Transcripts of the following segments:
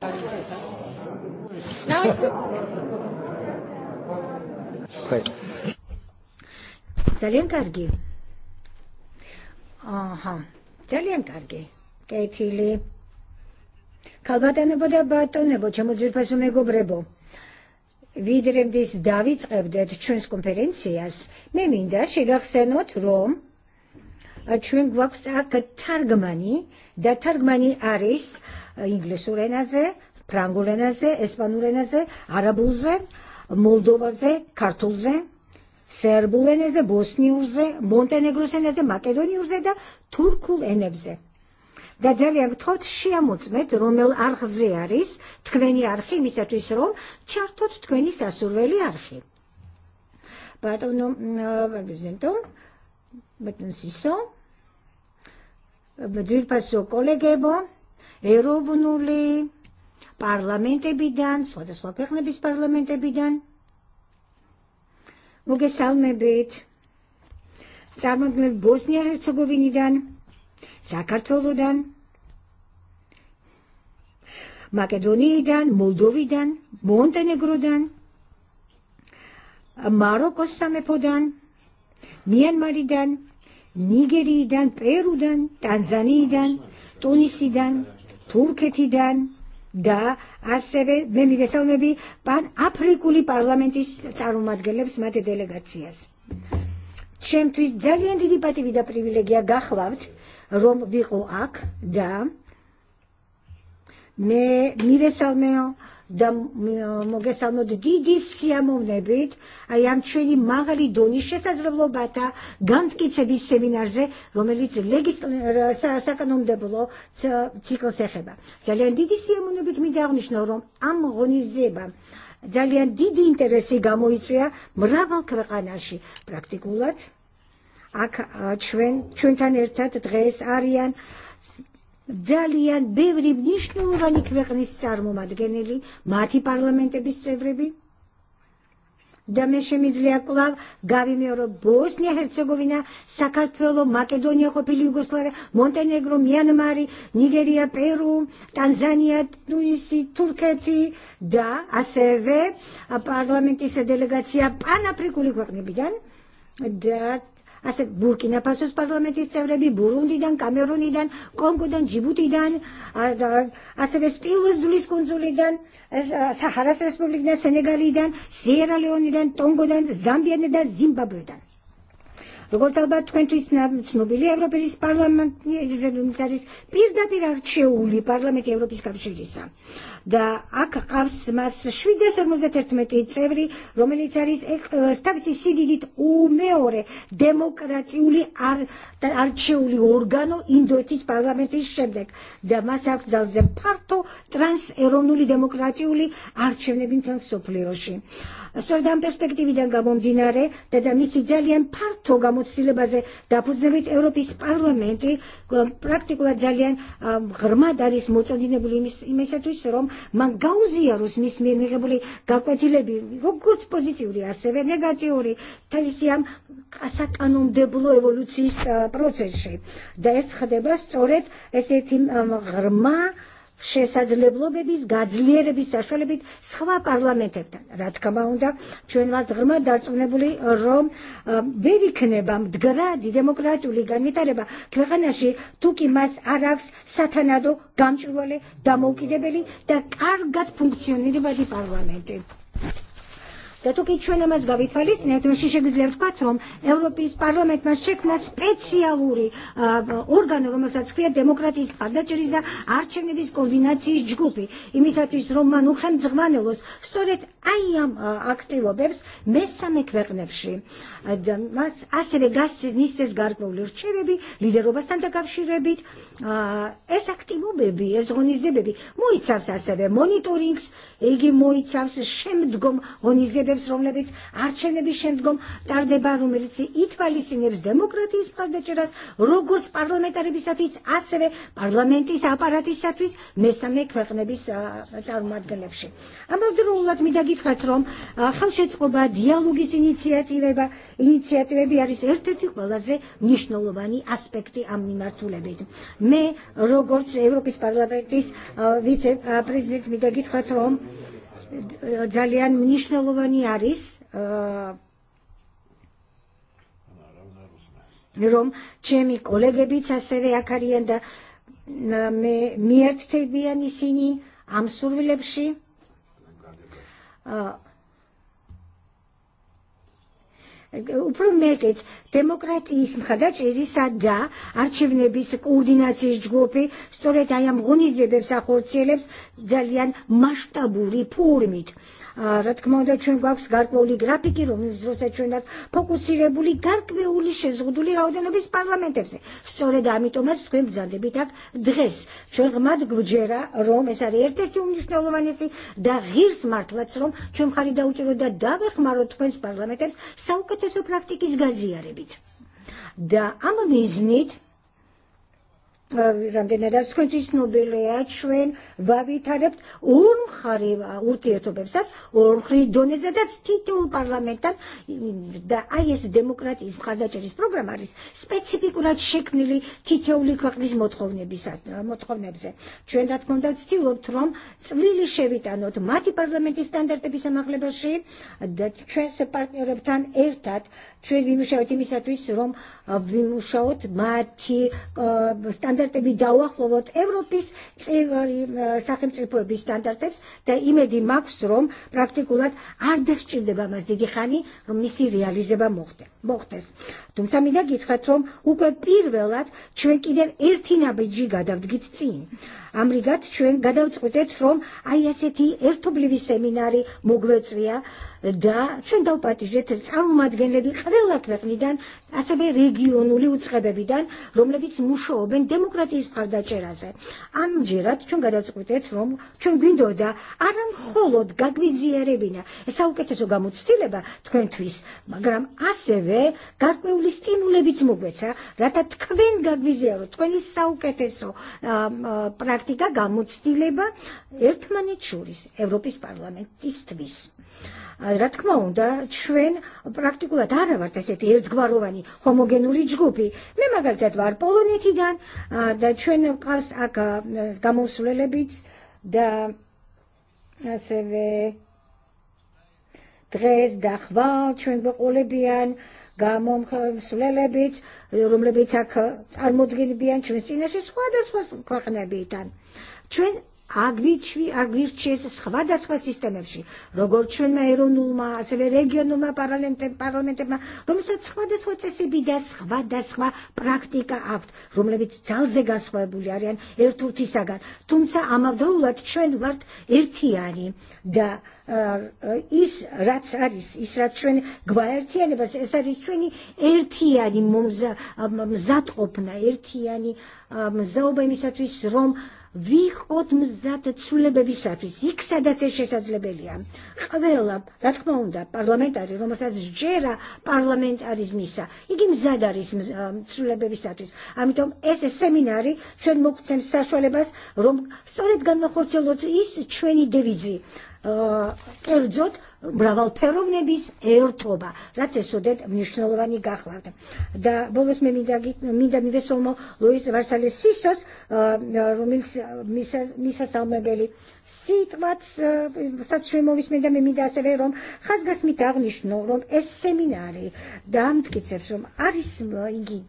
Zaljen kargi. Aha, zaljen kargi. Kajti li. Kalbata ne bude bato, nebo, čemu čemu su mego brebo. Vidrem dis David Ebdet čuns konferencijas, me minda xilak senot Rom, Çünkü works ak targmani, da targmani aris İngiliz urenaze, Prangul enaze, Espanul enaze, Arabuze, Moldovaze, Kartuze, Serbul enaze, Bosniurze, Montenegrus enaze, Makedoniurze da Turkul enebze. Da ძალიან გთხოვთ შეამოწმეთ რომელ არხზე არის თქვენი არხი იმისათვის რომ ჩართოთ თქვენი სასურველი არხი. ბატონო პრეზიდენტო, Бетен сисо, бедвил пасо колегебо, ерувнули, парламенте бидан, სხვადასხვა ქვეყნების Dan, მოგესალმებით. წარმოგვდგენთ ბოსნია Nigeridan, Peru'dan, Tanzanidan, Tunisidan, Turketidan, da ასევე მე მიგესალმები პან აფრიკული პარლამენტის წარმომადგენლებს მათ დელეგაციას. ჩემთვის ძალიან დიდი პატივი და პრივილეგია გახლავთ, რომ da me mi მე მივესალმეო da mm, mogę samo didi siamo nebit, a jam ċeni maga li doni xesa zloblobata gantki cebi seminarze, romelic legis e, sakanom debolo ciklo seħeba. Zalian didi siamo nebit mi daħnixno rom am zeba. Zalian didi interesi gamoitrija mraval kveqanaxi. Praktikulat, ak ċwen, ċwen tan irtat dres arjan, ძალიან ბევრი მნიშვნელოვანი ქვეყნის წარმომადგენელი მათი პარლამენტების წევრები და მე შემიძლია კვლავ გავიმეორო ბოსნია ჰერცეგოვინა საქართველო მაკედონია ყოფილი იუგოსლავია მონტენეგრო მიანმარი ნიგერია პერუ ტანზანია ტუნისი თურქეთი და ასევე პარლამენტის დელეგაცია პანაფრიკული ქვეყნებიდან და Għasek Burkina Faso s-parlament jistewrebi, Burundi dan, Kameruni dan, Kongo dan, Djibouti dan, għasek Espiju Zulis Konzuli dan, Sahara Republik Senegali dan, Sierra Leone dan, Tongo dan, Zambia dan, Zimbabwe dan როგორც ალბათ თქვენთვის ცნობილი ევროპის პარლამენტის პირდაპირ არჩეული პარლამენტი ევროპის კავშირისა და აქ ყავს მას 751 წევრი რომელიც არის თავისი სიდიდით უმეორე დემოკრატიული არჩეული ორგანო ინდოეთის პარლამენტის შემდეგ და მას აქვს ძალზე ფართო ტრანსეროვნული დემოკრატიული არჩევნები მთელ სოფლიოში Għassordan perspektivi dan għamum dinare, da da misi iġaljen parto għamut stile baze da puznevit Europis parlamenti, praktikula ġaljen għrmadaris muċa dinebuli imesatu rom, ma gauzi arus mis għawzi jarus mismir miħebuli għakwatilebi, għugguz pozitivri, għaseve negativri, talisjam għasak għanum deblu evoluzzist processi. Da esħadeba s-soret, etim għrma, შესაძლებლობების გაძლიერების საშუალებით სხვა პარლამენტებთან. რა თქმა უნდა, ჩვენ ვართ ღრმა დარწმუნებული, რომ ვერ იქნება მდგრადი დემოკრატიული განვითარება ქვეყანაში, თუ კი მას არ აქვს სათანადო, გამჭვირვალე, დამოუკიდებელი და კარგად ფუნქციონირებადი პარლამენტი. Dato ki ċwena ma zgavit falisni, e għetum xiexek zlert patrom, Europis parlament ma xekna spezja uri organu romasatskwija demokratis pardaċeris da arċevnevis koordinazji ġgupi. Imisatis Roman uħem zgmanelos, storet għajjam aktivobevs messame kvernevxi. Mas asere gassi nisses gardnu l-irċerebi, lideru bastanta kavxirebit, es aktivobebi, es bebi. Mujtsavs asere monitorings, egi mujtsavs xemdgom gonizebebi წინააღმდეგებს, რომლებიც არჩევნების შემდგომ ტარდება, რომელიც ითვალისწინებს დემოკრატიის მხარდაჭერას, როგორც პარლამენტარებისათვის, ასევე პარლამენტის აპარატისათვის მესამე ქვეყნების წარმომადგენლებში. ამავდროულად მინდა გითხრათ, რომ ხელშეწყობა დიალოგის ინიციატივება, ინიციატივები არის ერთ-ერთი ყველაზე მნიშვნელოვანი ასპექტი ამ მიმართულებით. მე როგორც ევროპის პარლამენტის ვიცე-პრეზიდენტს მინდა გითხრათ, რომ ძალიან მნიშვნელოვანი არის რომ ჩემი კოლეგებიც ასევე აქ არიან და მე მიერთებიან ისინი ამ სურვილებში აა უფრო მეტიც დემოკრატიის მხარდაჭერის და არჩევნების კოორდინაციის ჯგუფი სწორედ აი ამ ღონისძიებებს ახორციელებს ძალიან მასშტაბური ფორმით რთქმოდა ჩვენ გვაქვს გარკვეული გრაფიკი, რომლის დროს ეჩვენათ ფოკუსირებული გარკვეული შეზღუდული რაოდენობის პარლამენტებზე. სწორედ ამიტომაც თქვენ ბრძანდებით აქ დღეს. ჩვენ ღმად გვჯერა, რომ ეს არის ერთ-ერთი უმნიშვნელოვანესი და ღირს მართლაც, რომ ჩვენ მხარი დაუჭიროთ და დავეხმაროთ თქვენს პარლამენტებს საუკეთესო პრაქტიკის გაზიარებით. და ამ iznit რამდენადაც თქვენთვის ცნობილია ჩვენ ვავითარებთ ორმხარი ურთიერთობებსაც ორმხრივ დონეზე და თითოეულ პარლამენტთან და აი ეს დემოკრატიის მხარდაჭერის პროგრამა არის სპეციფიკურად შექმნილი თითოეული ქვეყნის მოთხოვნებისად მოთხოვნებზე ჩვენ რა თქმა უნდა ვცდილობთ რომ წვლილი შევიტანოთ მათი პარლამენტის სტანდარტების ამაღლებაში და ჩვენს პარტნიორებთან ერთად ჩვენ ვიმუშავოთ იმისათვის რომ ვიმუშაოთ მათი სტანდარტ სტანდარტები დავახლოვოთ ევროპის წევრი სახელმწიფოების სტანდარტებს და იმედი მაქვს, რომ პრაქტიკულად არ დასჭირდება მას დიდი ხანი, რომ მისი რეალიზება მოხდეს. თუმცა მინდა გითხრათ, რომ უკვე პირველად ჩვენ კიდევ ერთი ნაბიჯი გადავდგით წინ ამრიგად ჩვენ გადავწყვეტეთ, რომ აი ასეთი ერთობლივი სემინარი მოგვეწვია და ჩვენ დავპატიჟეთ წარმომადგენლები ყველა ქვეყნიდან, ასევე რეგიონული უწყებებიდან, რომლებიც მუშაობენ დემოკრატიის მხარდაჭერაზე. ამჯერად ჩვენ გადავწყვეტეთ, რომ ჩვენ გვინდოდა არა მხოლოდ გაგვიზიარებინა ეს საუკეთესო გამოცდილება თქვენთვის, მაგრამ ასევე გარკვეული STIMULEBITS მოგვეცა, RATA თქვენ გაგვიზიაროთ, თქვენი საუკეთესო პრაქტიკა პრაქტიკა გამოცდილება ერთმანეთშორის ევროპის პარლამენტისთვის. რა თქმა უნდა, ჩვენ პრაქტიკულად არა ვართ ესეთი ერთგვაროვანი ჰომოგენური ჯგუფი. მე მაგალითად ვარ პოლონეთიდან და ჩვენ მყავს აქ გამოსვლელებიც და ასევე დღეს და ხვალ ჩვენ გვეყოლებიან გამომ მსვლელებით, რომლებიც აქ წარმოდგენებიან ჩვენს წინაშე სხვადასხვა ქვეყნებიდან. ჩვენ għagriċvi, għagriċċi, s-sħvada s-sħva sistemefxi. Rogorċun ma jirunu ma, s-sħve regjonu ma parlamente, ma, rum s-sħva s-sħvada s-sħva s-sibida s-sħvada s-sħva praktika għabt. Rum la bit s-salzega s-sħva buljarjan, irtu tisagan. Tumsa għamav drullat ċen vart irtijani, da is rat saris, is rat ċen gwa irtijani, bas saris ċeni irtijani, mumzat opna, irtijani, mzaubaj misatu is-rom, Виход мзата цулебе висафис, иксадაც შესაძლებელია. ყველა, რა თქმა უნდა, პარლამენტარი, რომელსაც ჯერა პარლამენტარიზმისა, იგი მზად არის ცულებებისათვის. ამიტომ ese seminari ჩვენ მოგცემ საშუალებას, რომ სწორედ განვახორციელოთ ის ჩვენი დევიზი. კერძოდ მრავალფეროვნების ერთობა, რაც ესოდეთ მნიშვნელოვანი გახლავთ. და миса მე მინდა მინდა მივესალმო ლუის ვარსალის სისოს, რომელიც ме სიტყვაც საც შემოვისმე და მე მინდა ასევე რომ ხაზგასმით აღნიშნო, რომ ეს სემინარი დამტკიცებს, арис ми гид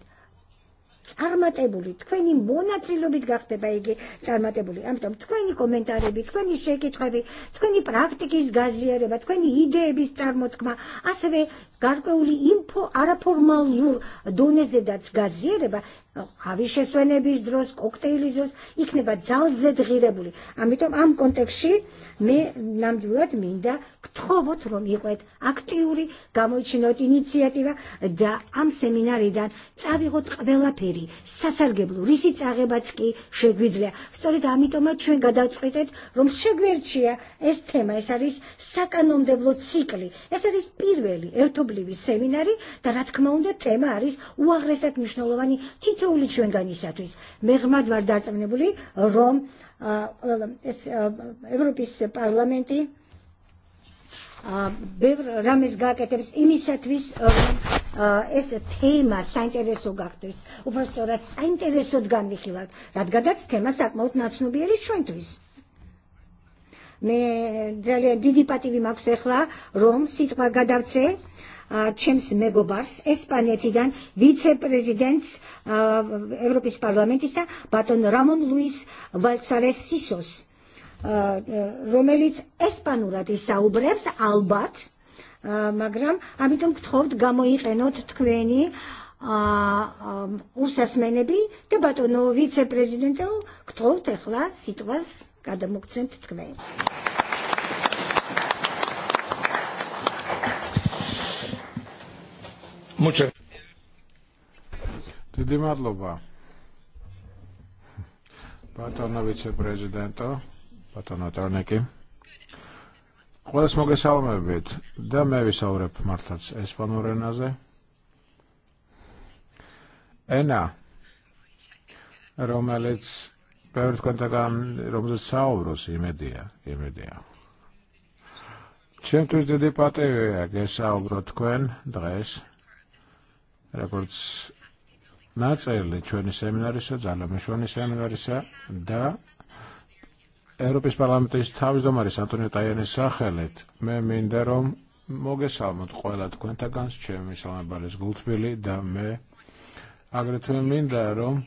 armatebuli, tkweni monatsillubit gaqtebaigi armatebuli. Amtom, tkweni komentaribi, tkweni sheki, tkweni, tkweni praktiki zgazjereba, idee idejbi zarmotkma, asave გარკვეული ინფო არაფორმალურ დონეზედაც გაზიარება ჰავის შესვენების დროს, კოქტეილის დროს იქნება ძალზე დღირებული. ამიტომ ამ კონტექსში მე ნამდვილად მინდა გთხოვოთ, რომ იყოთ აქტიური, გამოიჩინოთ ინიციატივა და ამ სემინარიდან წავიღოთ ყველაფერი, სასარგებლო, რისი წაღებაც კი შეგვიძლია. სწორედ ამიტომაც ჩვენ გადავწყვეტეთ, რომ შეგვერჩია ეს თემა, ეს არის საკანონმდებლო ციკლი. ეს არის პირველი ერთობლივ особливі семінари та раткмаунда თემარის უაღრესად მნიშვნელოვანი თითოეული ჩვენგანისათვის. მեղმად ვარ დარწმუნებული, რომ ეს ევროპის პარლამენტი ბევრ რამეს გააკეთებს იმისათვის, რომ ეს თემა საინტერესო გახდეს. უბრალოდ საინტერესოდ განვიხილავთ, რადგანაც თემა საკმაოდ ნაცნობიერი ჩვენთვის. მე ძალიან დიდი პატივი მაქვს ახლა, რომ სიტყვა გადავწე ჩემს მეგობარს ესპანეთიდან ვიცე-პრეზიდენტს ევროპის პარლამენტისა ბატონ რამონ ლუის ვალცარეს სისოს რომელიც ესპანურად ისაუბრებს ალბათ მაგრამ ამიტომ გთხოვთ გამოიყენოთ თქვენი უსასმენები და ბატონო ვიცე-პრეზიდენტო გთხოვთ ახლა სიტყვას გადამოგცემთ თქვენ. Muċa. Tidi madluba. Patona viċe-prezidento, patona tarneki. Għal smog isawme bit, da me visawreb martaċ, espanu renaze? Ena, romelic, pewrt kontakan romelic saurus imedija, imedija. ċem tuġ didi patevija, għesaw grot kwen, dres, Rekords nagħ li ċoni seminarissa, ġalla minn ċoni seminarissa, da Europis Parlamentis tħawż domaris Antonio Tajani saħħelet me minn derom moge salmat qoħla tkwenta għans ċemi salmat baris gultbili da me agretu minn derom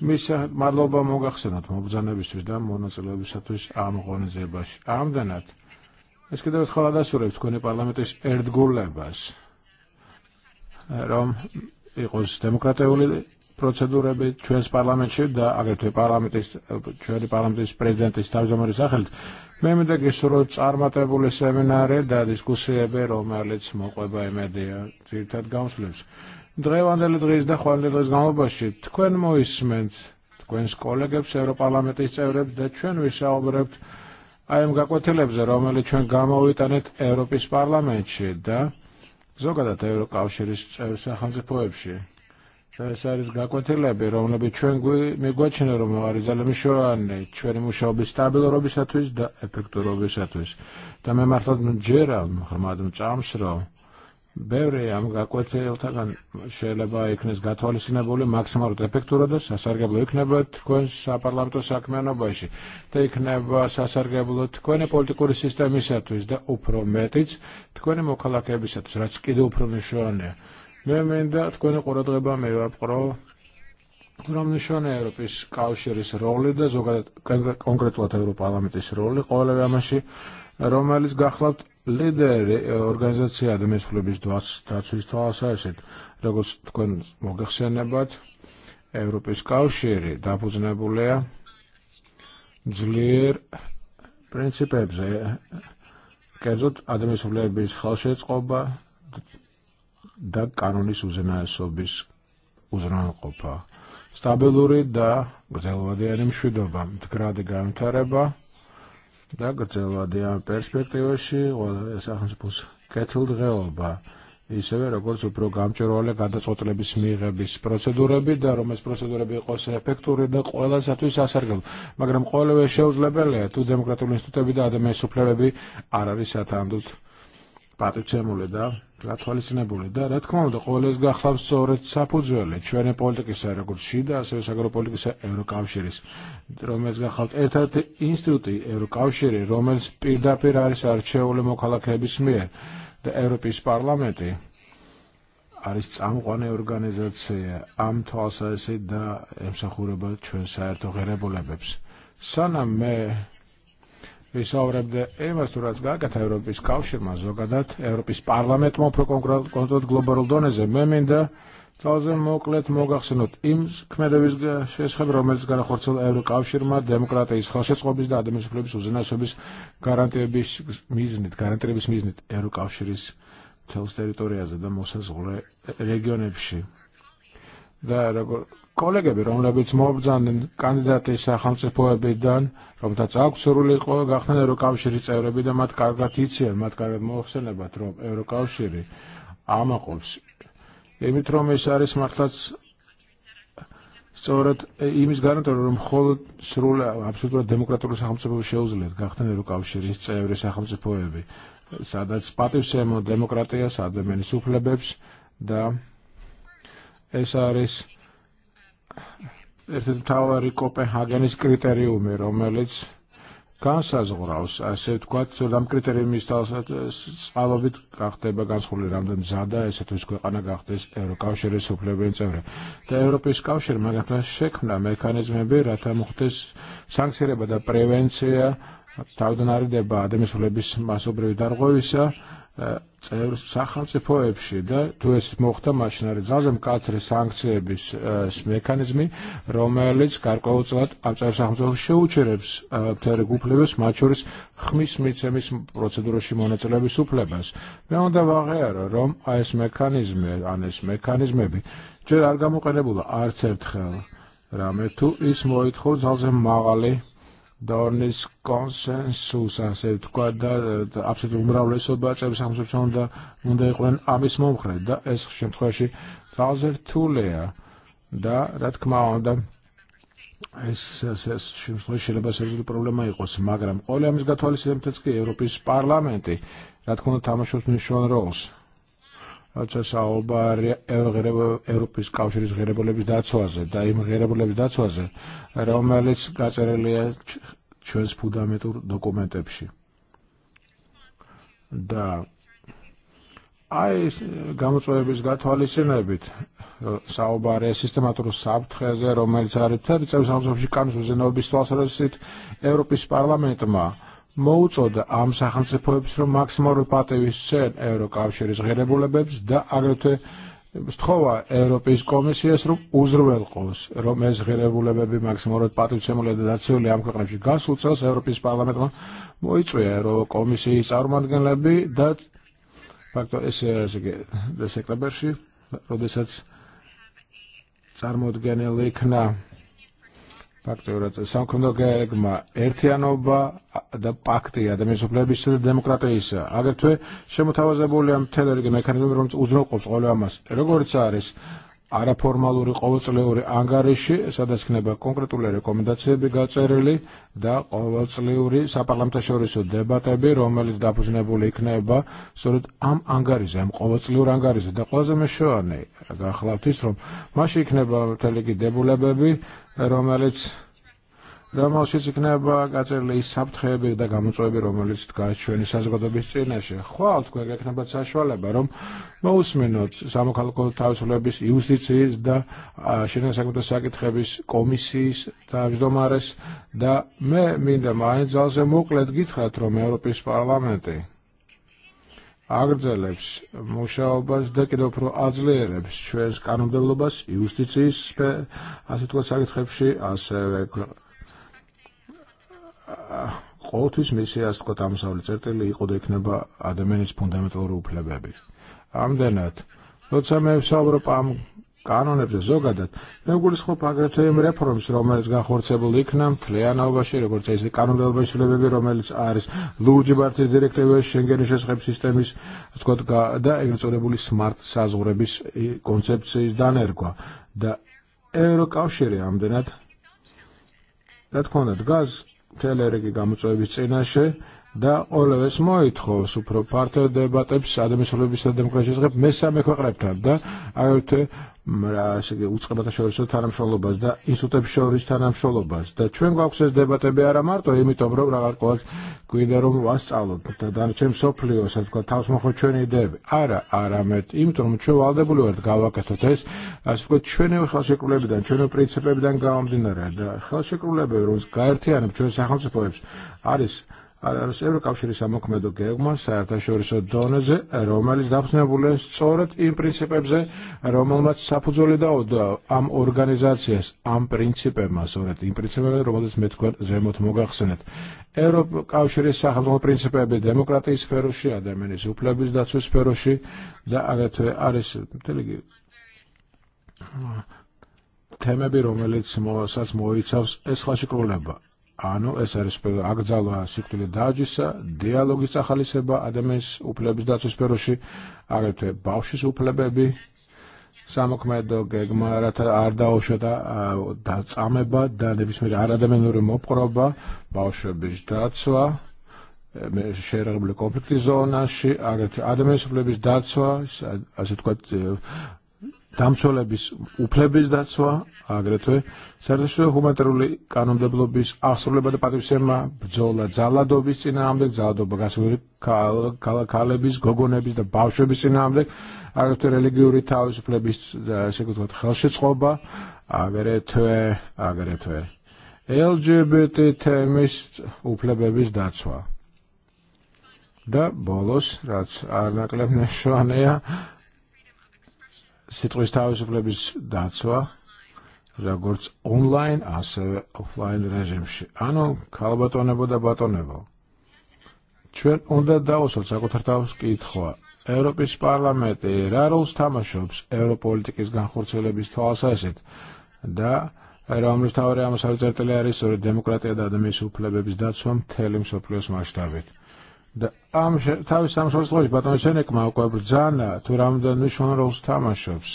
Missa madloba moga xsenat, mobżana bistri da mona zelo bisatus am goni zebax. am denat. Eskidavet xola da surek tkuni parlamentis erdgullebas რომ იყოს დემოკრატიული პროცედურები ჩვენს პარლამენტში და აგრეთვე პარლამენტის ჩვენი პარლამენტის პრეზიდენტის თავმჯდომარის სახელით. მე მინდა გისურვებ წარმატებული სემინარი და დისკუსიები, რომელიც მოყვება იმედია ძირითად გამოსვლებს. დღევანდელი დღის და ხვალ დღის განმავლობაში თქვენ მოისმენთ თქვენს კოლეგებს ევროპარლამენტის წევრებს და ჩვენ ვისაუბრებთ აი ამ გაკვეთილებზე, რომელიც ჩვენ გამოვიტანეთ ევროპის პარლამენტში და Zogadat Euro Kavširis Ersa Hanzi Poebši. Tas არის გაკვეთილები, რომლებიც ჩვენ მიგვაჩნია, რომ არის ძალემშოვანი ჩვენი მუშაობის სტაბილურობისათვის და ეფექტურობისათვის. და მე martad მჯერა, ხმად მწამს, რომ ბევრი ამ გაკვეთილთან შეიძლება იქნეს გათვალისწინებული მაქსიმალურად ეფექტურობა სასარგებლო იქნება თქვენ საპარლამენტო საქმიანობაში და იქნება სასარგებლო თქვენი პოლიტიკური სისტემისათვის და უფრო მეტიც თქვენი მოქალაქეებისათვის რაც კიდევ უფრო მნიშვნელოვანია მე მინდა თქვენი ყურადღება მევაპყრო Ramnixxoni Ewropis kawxiris rolli da zogat konkretwat Ewropa għalamet is rolli qola għamaxi Romelis gaħlabt l-lider organizazzija da misklu biex duħas taċu jistawa sajsit, ragus tkun mogħiħ sennebat, Europejskaw xiri, da pużna bulleja, ġlir, princip ebze, kħedżut għadem jisu bleja biex xalxiet qobba, da kanoni sużena jessu biex użna qobba. Stabiluri da, għazel għadija nimxu t-kradi għam tareba, დაგრძელვადიან პერსპექტივაში ყველა ეს სახელმწიფოს კეთილდღეობა ისევე როგორც უფრო გამჭვირვალე გადაწყვეტილების da პროცედურები და რომ ეს Magram იყოს ეფექტური და ყველასათვის tu მაგრამ ყოველივე შეუძლებელია თუ დემოკრატიული ინსტიტუტები და ადამიანის უფლებები არ არის ათანდut პატივცემული da გლათვალისწინებული და რა თქმა უნდა ყოველს გახლავს სწორედ საფუძველი ჩვენი პოლიტიკისა როგორც შიდა ასევე საგარეო ევროკავშირის რომელიც გახლავთ ერთ-ერთი ინსტიტუტი ევროკავშირი რომელიც da' არის არჩეული მოქალაქეების მიერ და ევროპის პარლამენტი არის წამყვანი ორგანიზაცია ამ თვალსაზრისით და ემსახურება ჩვენ საერთო ღირებულებებს სანამ მე ვისაუბრებდე იმას, რაც გააკეთა ევროპის კავშირმა, Europis parlament mo pro კონკრეტულად global დონეზე. მე meminda Tawżel moklet mogħaxsinut ims kmeda wizga xesħab romel zgħana xorċal euro kawxir ma demokrata jisħal xesħu biz daħda mis flubis miznit, karantija miznit evru kawxiris tels territorija da musa zgħure regione bxi. Da, კოლეგები, რომლებიც მობრძანენ კანდიდატის სახელმწიფოებიდან, რომდაც აქვს სურვილი იყო გახდნენ ევროკავშირის წევრები და მათ კარგად იციან, მათ კარგად მოახსენებათ, რომ ევროკავშირი ამაყობს. იმით რომ ეს არის მართლაც სწორედ იმის გარანტია, რომ მხოლოდ სრულ აბსოლუტურად დემოკრატიული სახელმწიფოები შეუძლიათ გახდნენ ევროკავშირის წევრი სახელმწიფოები, სადაც პატივს ემო დემოკრატიას, ადამიანის უფლებებს და ეს არის Irrid tawar Copenhagen is kriterium რომელიც განსაზღვრავს ასე ვთქვათ, რამ კრიტერიუმის წყალობით გახდება განსხვავებული რამდენ მზა და ესეთვის ქვეყანა გახდეს ევროკავშირის უფლებიანი წევრი. და ევროპის კავშირმა გახდა შექმნა მექანიზმები, რათა მოხდეს სანქცირება და პრევენცია თავდანარიდება ადამიანების მასობრივი დარღვევისა წევრს სახელმწიფოებში და თუ ეს მოხდა მაშინ არის ძალზე მკაცრი სანქციების მექანიზმი რომელიც გარკვეულწილად ამ წევრ სახელმწიფოს შეუჩერებს მთელ რიგ უფლებებს მათ შორის ხმის მიცემის პროცედურაში მონაწილეობის უფლებას მე უნდა ვაღიარო რომ აი ეს მექანიზმი ან ეს მექანიზმები ჯერ არ გამოყენებულა არც ერთხელ რამე თუ ის მოითხოვ ძალზე მაღალი Dornis konsensus għasib tkwada għabsit l-umraw l-sobat għabis għamsu ċonda munda jgħulen għabis mumħre da esħ xim tħoċi tħazir tuleja da rat kma għonda xim tħoċi li basir l-problema jgħus magram u li għamiz għatħol s-sistem t-tski Europis parlamenti rat kunu tamu xut minn Rose għalċa sawba Europis kawxir izgħirebu li bizdat soħze, da imgħirebu li bizdat soħze. Rome li għazere li ċen spudametur dokument ebxi. Da. Għaj, għamu soħe bizdat għalli sinebit. Sawba re sistematuru sabt, għazere Rome li ċarib terri, ċaw samsom xikan sużinu bizdat soħre għazze Europis parlament ma' მოუწოდა ამ სახელმწიფოებს, რომ მაქსიმალურ პატევის წინ ევროკავშირის ღირებულებებს და აგრეთვე stħowa Europis Komisijas rum użruelqos, rum eżgħirevu lebebi maksimurat patu semul edazzju li għam kħanċi gas uċas Europis Parlament mojċu Euro Komisijas armand għan lebi dat fakto is-sekla berxi, rodisat sarmod għan ფაქტორად სამქმედო გეგმა ერთიანობა და პაქტი ადამიანისუფლებისა და tawazabu li შემოთავაზებულია მთელი რიგი მექანიზმები რომელიც უზრუნველყოფს ყველა ამას როგორც tsaris, არაფორმალური ყოველწლიური ანგარიში, სადაც ხდება კონკრეტული Kneba გაწერილი და ყოველწლიური საპარლამენტაშორისო დებატები, რომელიც დაფუძნებული იქნება სწორედ ამ ანგარიზე, ამ ყოველწლიურ ანგარიზე და ყველაზე მეშოვანი გახლავთ ის, რომ მასში იქნება მთელი კი დებულებები, რომელიც რომელშიც იქნება გაწერილი ის საფრთხეები და გამოწვევები, რომელიც დგას ჩვენი საზოგადოების წინაშე. ხვალ თქვენ გეკნებათ საშუალება, რომ მოусმინოთ სამოქალაქო თავისუფლების იუსტიციის და შინაგანი საქმეთა საკითხების კომისიის თავმჯდომარეს და მე მინდა მაინც zalze მოკლედ გითხრათ, rom Europis parlamenti. Agrdzelebs, მუშაობას და კიდევ უფრო აძლიერებს ჩვენს კანონმდებლობას იუსტიციის ასე თქვა საკითხებში, ასევე ყოველთვის მისი ასკოთ ამსავლი წერტილი იყო და იქნება ადამიანის ფუნდამენტური უფლებები. ამდენად, როცა მე ვსაუბრობ ამ კანონებზე ზოგადად, მე გულისხმობ აგრეთვე იმ რეფორმებს, რომელიც განხორციელებული იქნა მთლიანობაში, როგორც ეს კანონმდებლობის უფლებები, რომელიც არის ლურჯი ბარტის დირექტივაში, შენგენის შესახებ სისტემის, ასე და ეგრეთ წოდებული smart საზღვრების კონცეფციის დანერგვა და ევროკავშირი ამდენად რა თქმა უნდა გაზ teleregi გამოწვევების წინაშე და ყოველეს მოითხოვ სუპროპარტიო დებატებს ადამიანურების da დემოკრატიის ღებ მესამე ქვეყნებთან da, აგრეთვე მრა ესე უწყებათა შორისო თანამშრომლობას და ინსტიტუტებს შორის თანამშრომლობას და ჩვენ გვაქვს ეს დებატები არა მარტო იმიტომ რომ რაღაც ყოველს გვინდა რომ ვასწავლოთ და დანარჩენ სოფლიოს ასე ვთქვათ თავს მოხოთ ჩვენი იდეები არა არამედ იმიტომ რომ ჩვენ ვალდებული ვართ გავაკეთოთ ეს ასე ვთქვათ ჩვენი ხელშეკრულებიდან ჩვენი პრინციპებიდან გამომდინარე და ხელშეკრულებები რომ გაერთიანებს ჩვენ სახელმწიფოებს არის Għal-għalas Ewroka xiri samok medu kegma, sarta xori soddoneze, Roma li zdabsne vulen stsoret, in principe bze, Roma unat sapuzo li dawd, am organizazzijas, am principema soret, in principe bze Roma dis metkwer zemot mugaxsenet. Ewroka xiri saħab principe bze demokrati sferuxi, għademeni zuplebis dazu sferuxi, da da għalet għalis, telegi. Teme bi Roma li tsmo, sa tsmo, jitsavs, esħaxi krulebba ანუ ეს არის აკრძალა სიკვდილი დაჯისა, დიალოგის ახალისება ადამიანის უფლების დაცვის სფეროში, აგრეთვე ბავშვის უფლებები, სამოქმედო გეგმა, რათა არ დაუშვათ დაწამება და ნებისმიერი არადამიანური მოპყრობა, ბავშვების დაცვა, xerra bl konflikti zona xi għadet għadem jisub li biex dazwa, għazet kwat დამცველების უფლების დაცვა, აგრეთვე საერთაშორისო ჰუმანიტარული კანონმდებლობის ასრულება და პატივისცემა ბრძოლა ძალადობის წინააღმდეგ, ძალადობა გასული ქალაქალების, გოგონების და ბავშვების წინააღმდეგ, აგრეთვე რელიგიური თავისუფლების ესე ვთქვათ ხელშეწყობა, აგრეთვე აგრეთვე LGBT თემის უფლებების დაცვა. და ბოლოს, რაც არ ნაკლებ ნეშვანია, of plebis Datsua, ragurts online ase uh, offline regime. Ano, kalba to nebo, deba to nebo. Čven onda dausal, sakotartavs kitħwa. Europis parlamenti eh, raruls tamaxobs Europolitikis ganħurzelebis tħalsasit. Da, Ramlis tawri għamas għal-ġertali għaris u demokratija da għadami su plebis telim su plus ამ თავის ამ სოწყოში ბატონო შენეკმა უკვე ბრძანა თუ რამდენი შონროლს თამაშობს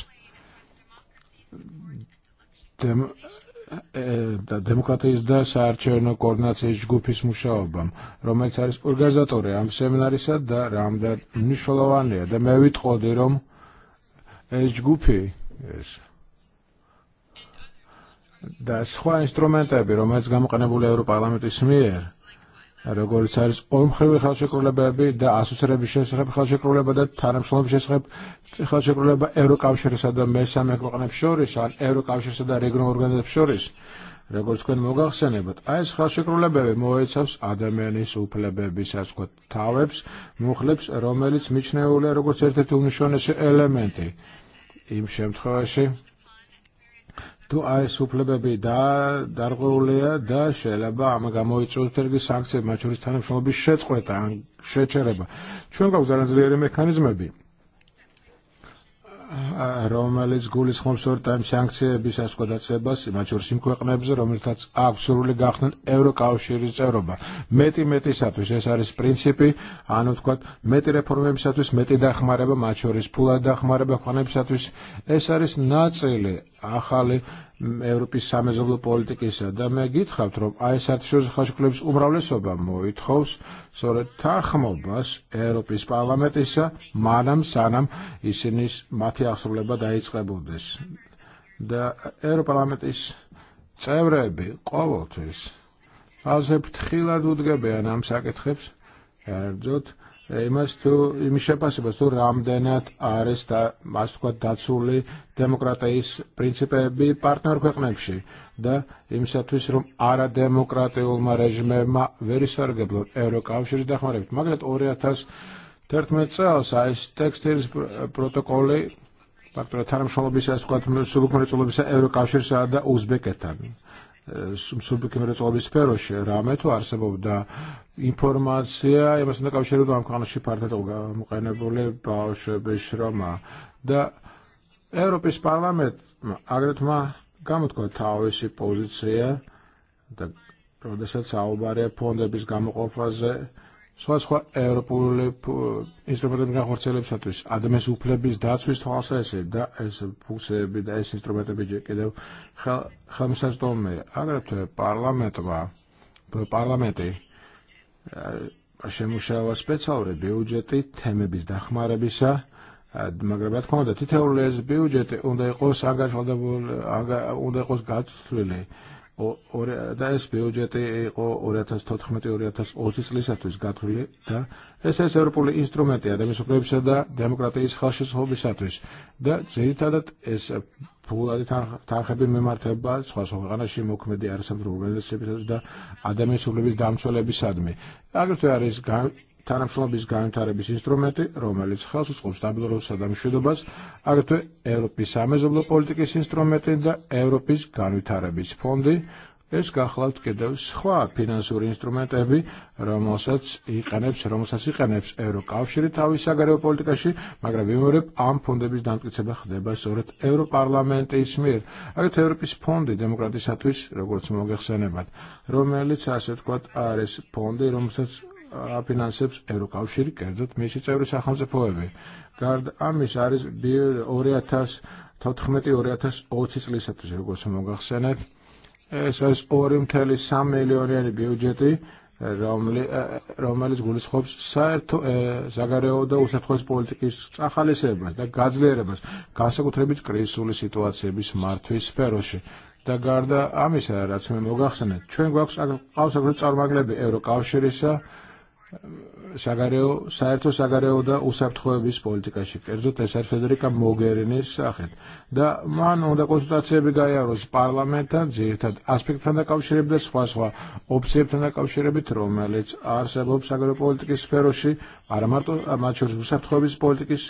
და დემოკრატიის და საარჩევნო კოორდინაციის ჯგუფის მუშაობამ, რომელიც არის ორგანიზატორი ამ სემინარისა და რამდენ მნიშვნელოვანია და მე ვიტყოდი რომ ეს ჯგუფი ეს და სხვა ინსტრუმენტები, რომელიც გამოყენებულია ევროპარლამენტის მიერ როგორც არის ორმხრივი ხელშეკრულებები და ასოცირების შესახებ ხელშეკრულება და თანამშრომლობის შესახებ ხელშეკრულება ევროკავშირსა და მესამე ქვეყნებს შორის ან ევროკავშირსა და რეგიონულ ორგანოებს შორის როგორც თქვენ მოგახსენებათ Sene, but ხელშეკრულებები მოეცავს ადამიანის უფლებების ასკვეთ თავებს მუხლებს რომელიც მიჩნეულია როგორც ერთ-ერთი უმნიშვნელოვანესი elementi იმ შემთხვევაში თუ აი ეს უფლებები და დარღვეულია და შეიძლება ამ გამოიწვევს თერგი სანქციები, მათ შორის თანამშრომლობის შეწყვეტა ან შეჩერება. ჩვენ გვაქვს ძალიან ძლიერი მექანიზმები რომელიც გულისხმობს ორტაიმ სანქციების ასკოდაცებას, მათ შორის იმ ქვეყნებზე, რომელთაც აქვს სურვილი გახდნენ ევროკავშირის წევრობა. მეტი მეტისათვის ეს არის პრინციპი, ანუ თქვათ, მეტი რეფორმებისათვის მეტი დახმარება, მათ შორის ფულად დახმარება ქვეყნებისათვის, ეს არის nacili, ახალი ევროპის სამეზობლო პოლიტიკისა და მე გითხავთ რომ აი საერთაშორისო ხელშეკრულების უმრავლესობა მოითხოვს სწორედ თანხმობას ევროპის პარლამენტისა მანამ სანამ ისინი მათი აღსრულება დაიწყებოდეს და ევროპარლამენტის წევრები ყოველთვის ასე ფრთხილად უდგებიან ამ საკითხებს კერძოდ imastu, misxepasibastu ramdenat arista maskot tazzulli demokratais principe bi partner kweknebxi, da imsatvis rum ara demokrati ulma reġime ma veri sargeblu, euro kawxir daħmarebt. Magret orja tas tertmet cels, għajs tekstilis protokolli, Faktura tarm xolobisa skot subuk mreċolobisa euro kawxir saħda Uzbeketan მსუბუქი მრეწველობის სფეროში რამე თუ არსებობდა ინფორმაცია იმას უნდა კავშირდება ამ ქვეყანაში ფართედ გამოყენებული ბავშვების შრომა და ევროპის პარლამენტმა აგრეთმა გამოთქვა თავისი პოზიცია და როდესაც საუბარია ფონდების გამოყოფაზე სხვა სხვა ევროპულებ ინსტრუმენტებიდან ხორცელებისათვის ადამიანის უფლების დაცვის თვალსაზრისით და ეს ფუნქციები და ეს ინსტრუმენტები კიდევ ხელმისაწვდომია. აგრეთვე პარლამენტმა პარლამენტი შემუშავა სპეციალური ბიუჯეტი თემების დახმარებისა მაგრამ რა თქმა უნდა თითოეული ეს ბიუჯეტი უნდა იყოს ანგარიშვალდებული უნდა იყოს გაცვლილი და ეს ბიუჯეტი იყო 2014 2020 წლისათვის გათვლილი და ეს ეს ევროპული ინსტრუმენტი ადამიანის უფლებისა და დემოკრატიის ხელშეწყობისათვის და ძირითადად ეს ფულადი თანხები მიმართება სხვა სხვა ქვეყანაში მოქმედი არასამთავრობო ორგანიზაციებისათვის და ადამიანის დამცველებისადმი. აგრეთვე არის tara flobis gan tara bis instrumenti, Roma li tsħas u sħob stabilu sadam xudubas, għartu Europi samezoblu politikis instrumenti da Europi gan tara bis fondi, Es kaħlat kedew sħwa finansur instrument ebi Ramosats i kaneps, Ramosats i Euro kawxiri taw sagareo politikaxi magra vimurib am pundebis dan kicebeħ deba soret Euro parlament e ismir Arit Europis pondi demokratisatuis rogurts mogeħ senebat Romelic aset kwat ares pondi Ramosats აფინანსებს ევროკავშირი, კერძოდ მისი წევრი სახელმწიფოები. გარდა ამის არის 2014-2020 წლისათვის, როგორც მოგახსენეთ, ეს არის 2.3 მილიონიანი ბიუჯეტი, რომელიც გულისხმობს საერთო საგარეო და უსაფრთხოების პოლიტიკის წახალისებას და გაძლიერებას, განსაკუთრებით კრიზისული სიტუაციების მართვის სფეროში. და გარდა ამისა, რაც მე მოგახსენეთ, ჩვენ გვაქვს ყავს აგრეთვე წარმოგლები ევროკავშირისა, საგარეო საერთო საგარეო და უსაფრთხოების პოლიტიკაში კერძოდ ეს არის ფედერიკა მოგერინის სახით და მან უნდა კონსულტაციები გაიაროს პარლამენტთან ძირითად ასპექტთან დაკავშირებით და სხვა სხვა ოფიციებთან დაკავშირებით რომელიც არსებობს საგარეო პოლიტიკის სფეროში არა მარტო მათ შორის უსაფრთხოების is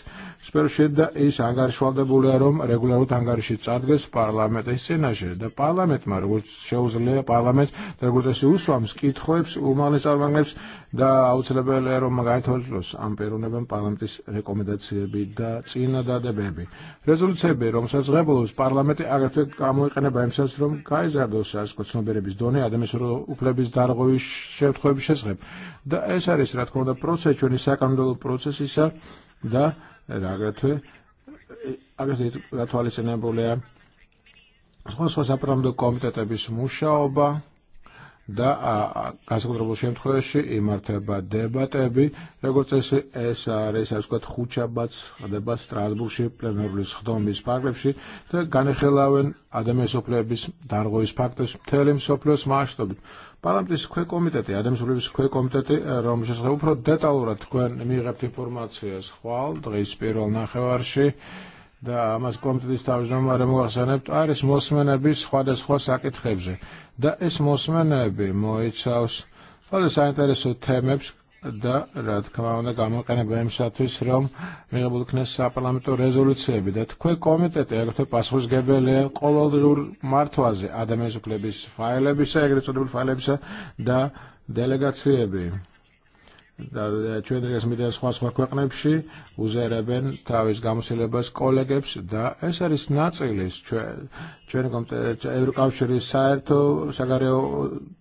სფეროში და ის ანგარიშვალდებულია რომ რეგულარულად ანგარიში წარდგეს Da parlament და პარლამენტმა როგორც შეუძლია პარლამენტს როგორც ეს უსვამს კითხვებს უმაღლეს წარმოდგენებს და აუცილებელია რომ გაითვალისწინოს ამ პიროვნებამ პარლამენტის რეკომენდაციები და წინადადებები. რეზოლუციები, რომელსაც ღებულობს პარლამენტი, აგრეთვე გამოიყენება იმ სენს, რომ გაიზარდოს საზოგადოების დონე ადამიანური უფლების დარღვევის შემთხვევების შესახებ. და ეს isa რა თქმა უნდა, პროცესი, ჩვენი საკანონმდებლო პროცესისა და აგრეთვე აგრეთვე გათვალისწინებულია სხვა სხვა საპრამდო კომიტეტების oba, Da განსაკუთრებულ შემთხვევაში იმართება დებატები, როგორც ეს ეს არის ასე ვთქვათ ხუჩაბაც ხდება სტრასბურგში პლენარული სხდომის ფარგლებში და განეხილავენ ადამიანის უფლებების დარღვევის ფაქტს მთელი მსოფლიოს მასშტაბით. პარლამენტის komiteti ადამიანის უფლებების ქვეკომიტეტი, რომ შესაძლოა უფრო დეტალურად თქვენ მიიღებთ ინფორმაციას ხვალ დღის პირველ ნახევარში და ამას კომიტეტის თავმჯდომარემ ვახსენებთ, არის მოსმენების სხვადასხვა mo itsaus fol sa მოიცავს temeps da rad და რა თქმა უნდა გამოყენება იმისათვის, რომ მიღებული ქნეს საპარლამენტო რეზოლუციები და da tkve აგრეთვე პასუხისგებელია pasvus gebele ადამიანის martvaze adamezuklebis ეგრეთ წოდებული ფაილებისა da delegatsiebi ċedri jesmidin smasma kweknebxi u zereben ta' izgam silebes kollegebs da esar isnac ilis ċenkom evrukawxer isajrto sagareo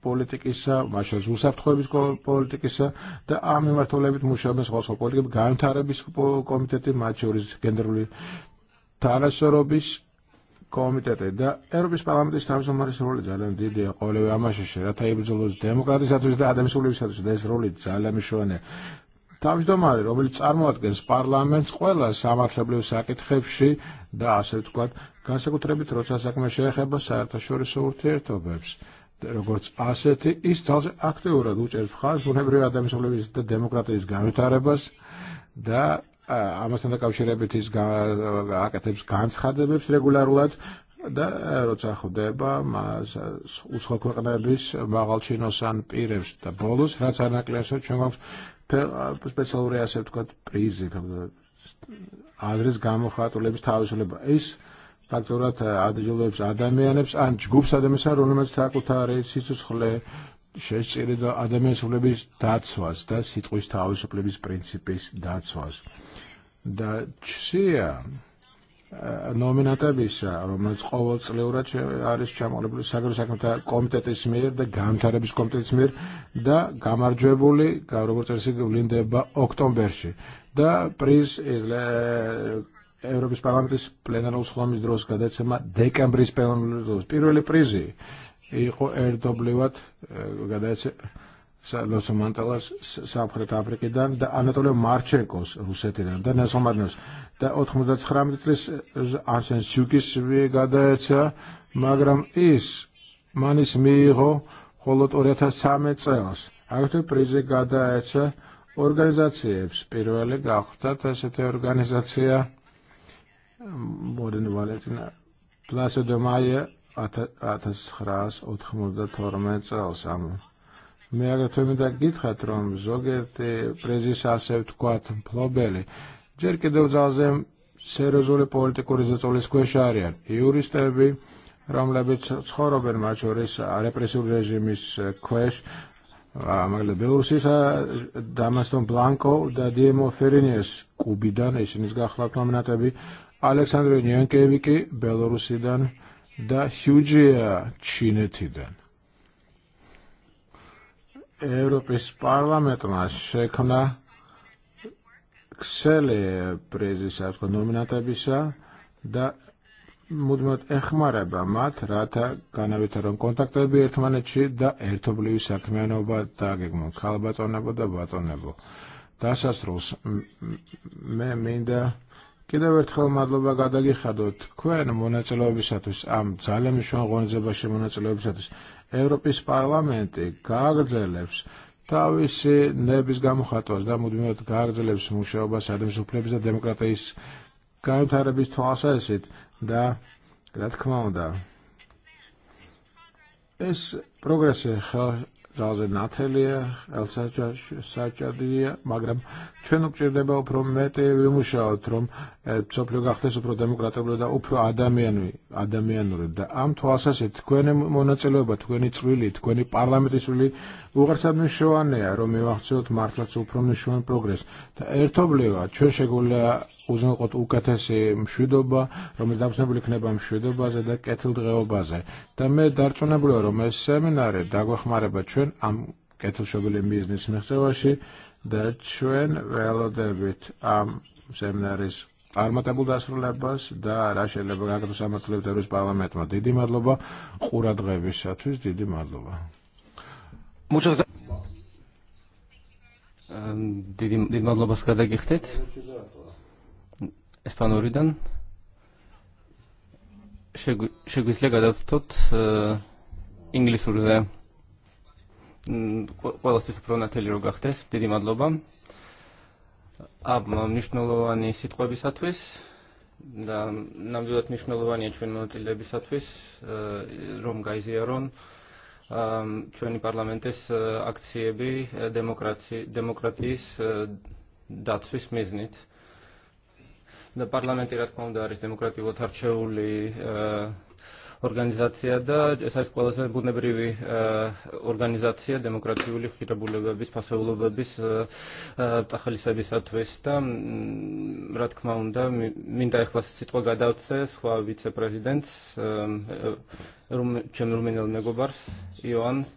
politikissa maċa zusaf tħobis politikissa da għami martolebit muxabes għosma politikib għan tarebis komiteti maċa uriz gendruli tara sorobis komitete da Europis parlamentis tavis u maris roli ġalem didi għole u għamaxi xira tajib ġaluz demokratis għatuż da għadem xulli xatuż da roli ġalem xone. Tavis domari, robil ċarmu għatkens parlament skwella samat lebli u sakit xebxi da għasri tkwat kan seku trebi troċa sak meċeħe basar ta xori surtir to bebs. Როგორც ასეთი ის ძალზე აქტიურად უჭერს ხაზს ბუნებრივი ადამიანის უფლებისა და დემოკრატიის განვითარებას და ამასთან დაკავშირებით ის აკეთებს განცხადებებს რეგულარულად და როცა ხვდება მას უცხო ქვეყნების მაღალჩინოსან პირებს და ბოლოს რაც lebis ჩვენ გვაქვს სპეციალური ასე ვთქვათ პრიზი ადრის გამოხატულების თავისუფლება ის ფაქტორად ადიჯულებს ადამიანებს ან ჯგუფს ადამიანსა რომელსაც საკუთარი სიცოცხლე შეჭირი ადამიანის უფლების დაცვას და სიტყვის თავისუფლების პრინციპის დაცვას დაჩია ნომინატებისა, რომელიც ყოველწლიურად არის ჩამოყალიბებული საგარეო საქმეთა კომიტეტის მიერ და განვითარების კომიტეტის მიერ და გამარჯვებული, როგორც წესი, ვლინდება ოქტომბერში. და პრიზ Parlamentis plenar uslomis dros დროს გადაცემა დეკემბრის პლენარულ დროს პირველი prizi, იყო ერთობლივად გადაეცა Los Mantalas Sapħret Afriki dan da Anatolij Marchenkos Rusetinen dan Nesomarnes da 99 წლის ანსენ სუკის გადაეცა მაგრამ ის მანის მიიღო მხოლოდ 2013 წელს აგრეთვე პრიზი გადაეცა ორგანიზაციებს პირველი გახდათ ესეთი ორგანიზაცია მოდენ ვალეტინა პლასე დომაია 1992 წელს ამან მე აგრეთვე მინდა გითხრათ რომ ზოგიერთი პრეზის ასე ვთქვათ მფლობელი ჯერ კიდევ ძალზე სერიოზული პოლიტიკური ზეწოლის ქვეშ არიან იურისტები რომლებიც ცხოვრობენ მათ შორის რეპრესიული რეჟიმის ქვეშ მაგრამ ბელორუსისა დამასტონ ბლანკო და დიემო ფერინიეს კუბიდან ისინიც გახლავთ ნომინატები ალექსანდრე ნიანკევიკი ბელორუსიდან და ჰიუჯია ჩინეთიდან Europis Parlamentarnas xekna kseli prezisat nominata bisa da mudmat mudmet ba' mat rata kana vitaron kanavitaron kontaktabi ertmaneċi da ba' ertobli sakmenoba tagegmu kalbatonebo da batonebo. Tasasrus, me minda Kida vertħol madluba għada liħadot, kwen munaċ l-obisatus, għam, ċalem xon għonze baxi munaċ l-obisatus. Eiropis parlamenti kāgrdzelevs თავის ნების გამოხატვას და მუდმივად გააგრძელებს მუშაობას ადამიანის და დემოკრატიის განვითარების თვალსაზრისით და რა თქმა უნდა ეს პროგრესი რაზენ ათელია ელსაჭაში საჭადია მაგრამ ჩვენ გვჭირდება უფრო მეტი ვიმუშაოთ რომ სოფლიო გახდეს უფრო დემოკრატიული და უფრო ადამიანური ადამიანური და ამ თვალსაზრისით თქვენი მონაწილეობა თქვენი წვლილი თქვენი პარლამენტის წვლილი უღარსად მნიშვნელოვანია რომ მივახციოთ მართლაც უფრო მნიშვნელოვან პროგრესს და ერთობლივად ჩვენ შეგვიძლია kneba უზრუნველყოთ უკეთესი მშვიდობა, რომელიც seminare, dago მშვიდობაზე და კეთილდღეობაზე. და მე დარწმუნებულია, რომ ეს სემინარი დაგვეხმარება ჩვენ ამ კეთილშობილი ბიზნეს მიღწევაში და dasru lebas, da სემინარის წარმატებულ დასრულებას და რა შეიძლება გაკეთოს ამათლებს Didi პარლამენტმა. დიდი dgevis ყურადღებისათვის, didi მადლობა. Muchas gracias. დიდი მადლობა გადაგიხდეთ. Ispanuridan lega da tot eh, Inglis urze Għala mm, stis prona telli rugħaxtes, bdidi madloba. Ab ma mnixnolovani sitqa bisatwis, da nam namdu dat mnixnolovani ċvennu e tille bisatwis, eh, rom gajzi jaron, ċvenni parlamentes eh, akcijiebi demokratis dat svis miznit და პარლამენტი რა თქმა უნდა არის დემოკრატიულად არჩეული ორგანიზაცია და ეს არის ყველაზე ბუნებრივი ორგანიზაცია დემოკრატიული ხირებულებების, ფასეულობების დახალისებისათვის და რა თქმა უნდა მინდა ეხლა სიტყვა გადავცე სხვა ვიცე megobars, ჩემ რუმინელ მეგობარს იოან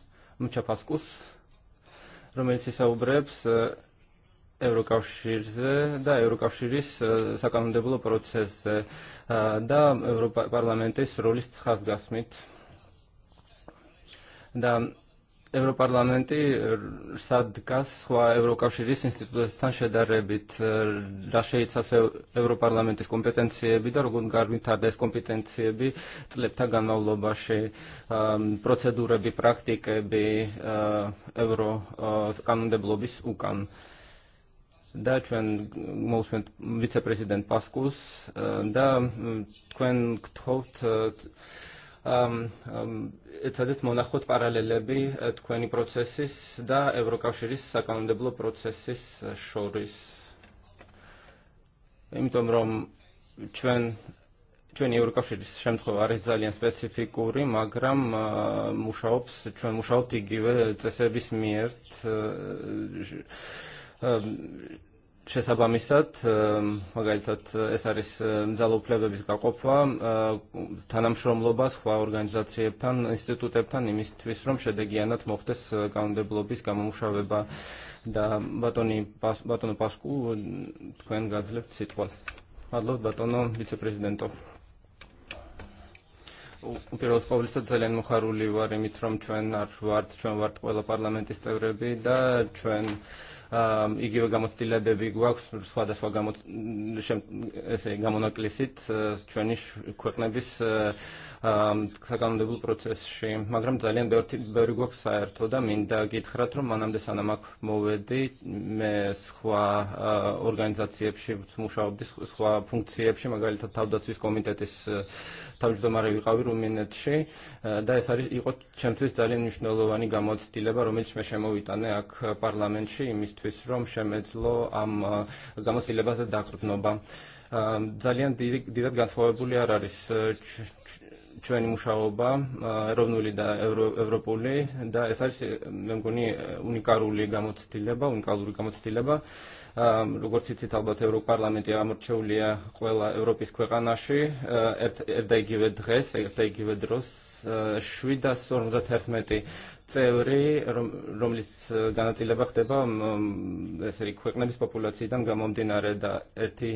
Eurokavširze, да, Eurokavširis eh, sakandebulu procese, eh, да, Europarlamentis rolis tħazgasmit. Да, Europarlamenti sadkas xwa Eurokavširis institutetan xedarrebit raxejt saf Europarlamentis da dargun garbin tardes kompetenzijebi, tlebta għanna u loba xe ehm, procedurebi praktikebi eh, Euro kanundeblu bis u kan. Uh, Da qen mos me vicepresident Paskus, uh, da qen ktħot uh, um, um, it-sadit mu naħħut parallelebi uh, tkweni processis da Eurokawxiris sakandiblu processis xoris. Imtom rom ċwen ċwen Eurokawxiris xemtħu għarriz zaljen specifikuri, magram muxawbs, ċwen muxawti għive t-sebis miert Ehm, misat, ehm, tat eh, esaris mżalu ehm, plebe bizga შესაბამისად მაგალითად ეს არის მძალუფლებების გაყოფა თანამშრომლობა სხვა ორგანიზაციებთან, ინსტიტუტებთან იმისთვის, რომ შედეგიანად მოხდეს კანონმდებლობის გამომუშავება და ბატონი ბატონო პასკუ თქვენ გაძლევთ სიტყვას. მადლობთ ბატონო ვიცე-პრეზიდენტო. უპირველეს ყოვლისა ძალიან მოხარული ვარ იმით, რომ ჩვენ არ ვართ, ჩვენ ვართ ყველა პარლამენტის წევრები და ჩვენ იგივე გამოცდილებები გვაქვს სხვადასხვა გამონაკლიsit ჩვენი ქვეყნების საკანონმდებლო პროცესში, მაგრამ ძალიან ბევრი გვაქვს საერთო და მინდა გითხრათ, რომ მანამდე სანამ აქ მოვედი, მე სხვა ორგანიზაციებში მუშაობდი, სხვა ფუნქციებში, მაგალითად თავდაცვის კომიტეტის თავმჯდომარე ვიყავი რუმინეთში და ეს არის იყო ჩემთვის ძალიან მნიშვნელოვანი გამოცდილება, რომელიც მე შემოვიტანე parlament პარლამენტში mistu ħtfis rom xemezlo għam uh, għamu s-silleba dakrut noba. Um, Zaljan didat għan sħobu li għararis ċveni uh, muxaoba, uh, rovnu li da Evropu li, da esaris memkoni unikaru li għamu s-silleba, unikaru li għamu s-silleba როგორც იცით ალბათ ევროპარლამენტი ამორჩეულია ყველა ევროპის ქვეყანაში ერთ და იგივე დღეს, ერთ და იგივე დროს 751 Teori, rom li t-ganat il bis romlit განაწილება ხდება ეს იგი ქვეყნების პოპულაციიდან გამომდინარე და ერთი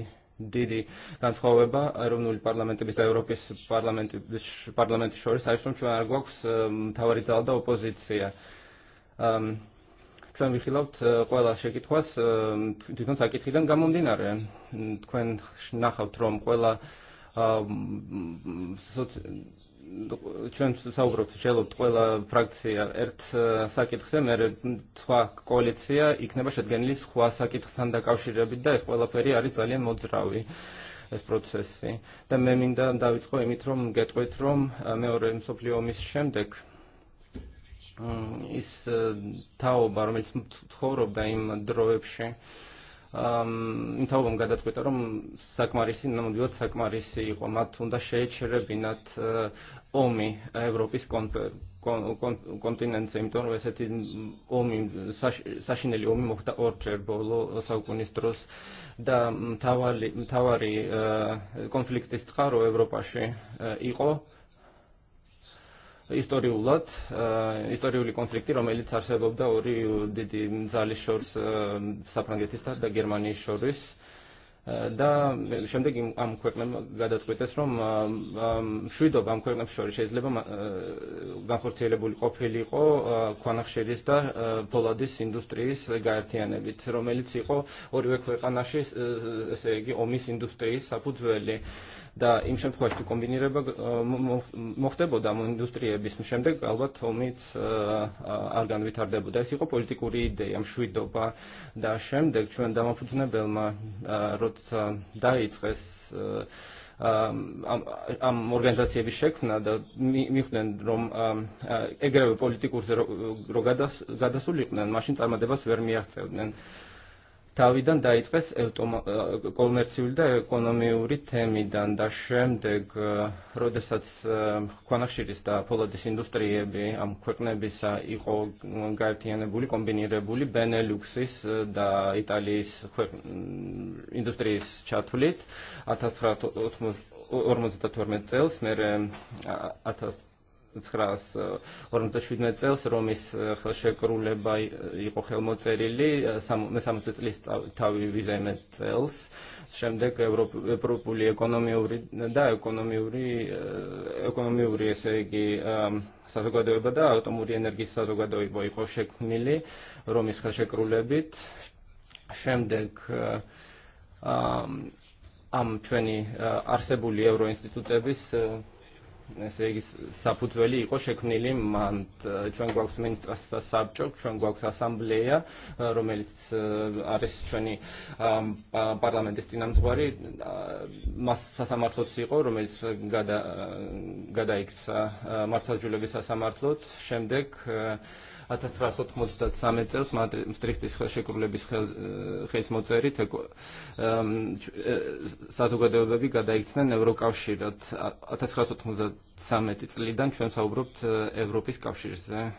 დიდი განსხვავება ეროვნული პარლამენტების parlamenti ევროპის პარლამენტის პარლამენტის შორის არის რომ ჩვენ არ გვაქვს მთავარი ძალა და ოპოზიცია. ჩვენ ვიხილავთ ყველა შეკითხვას თვითონ საკითხიდან გამომდინარე. თქვენ ნახავთ trom kwella ჩვენც საუბრობთ შეძლოთ ყველა ფრაქცია ერთ საკითხზე, მე სხვა коалиция იქნება შედგენილი სხვა საკითხთან დაკავშირებით და ეს ყველაფერი არის ძალიან მოძრავი ეს პროცესი. და მე მინდა დავიწყო იმით, რომ გეტყვით, რომ მეორე მსოფლიო ომის შემდეგ ის თაობა, რომელიც ცხოვრობდა იმ დროებში, მთავრობამ გადაწყვიტა რომ საკმარისი ნამდვილად საკმარისი იყო მათ უნდა შეეჩერებინათ ომი ევროპის კონტინენტზე იმიტომ რომ ესეთი ომი საშინელი ომი მოხდა ორჯერ ბოლო საუკუნის დროს და მთავარი მთავარი კონფლიქტის წყარო ისტორიულად ისტორიული კონფლიქტი, რომელიც არსებობდა ორი დიდი ძალის შორის საფრანგეთის და გერმანიის შორის და შემდეგ ამ ქვეყნებმა გადაწყვიტეს, რომ მშვიდობა ამ ქვეყნებს შორის შეიძლება განხორციელებული ყოფილიყო ქვანახშირის და ფოლადის ინდუსტრიის გაერთიანებით, რომელიც იყო ორივე ქვეყანაში, ესე იგი, ომის ინდუსტრიის საფუძველი და იმ შემთხვევაში თუ კომბინირება მოხდებოდა ამ ინდუსტრიების შემდეგ ალბათ ომიც არ განვითარდებოდა. ეს იყო პოლიტიკური იდეა, მშვიდობა და შემდეგ ჩვენ დამაფუძნებელმა როცა დაიწყეს għam organizazzja biex xekna da miħnen rom egrew politikur għadasu li maċin tal ver miħaxsewnen. Tawidan da jitqes eh, eh, komerzju da ekonomi u ritemi dan da xem deg eh, rodesat kwana xiris da polodis industrie bi am kwekne bisa iqo gartijane buli kombinire buli Beneluxis da Italis mm, industrijis ċatulit atasrat 42 წელს მერე atas ცხრას ორმოცდაშვიდმეტ წელს რომის ხელშეკრულება იყო ხელმოწერილი მე 60 წლის თავი ვიზაიმე წელს შემდეგ ევროპული ეკონომიური და ეკონომიური ეკონომიური ესე იგი საზოგადოება და ატომური ენერგიის საზოგადოება იყო შექმნილი რომის ხელშეკრულებით შემდეგ ამ ჩვენი არსებული ევროინსტიტუტების საფუძველი იყო შექმნილი მან ჩვენ გვაქვს მინისტრთა საბჭო, ჩვენ გვაქვს ასამბლეა, რომელიც არის ჩვენი პარლამენტის წინამძღვარი, მას სასამართლოც იყო, რომელიც გადაიქცა მართლმსაჯულების სასამართლოდ. შემდეგ Atë stras 90 წელს სტრიქტის ხელშეკრულების ხელს მოწერით საზოგადოებები გადაიქცნენ ევროკავშირად. 1993 წლიდან ჩვენ საუბრობთ ევროპის კავშირზე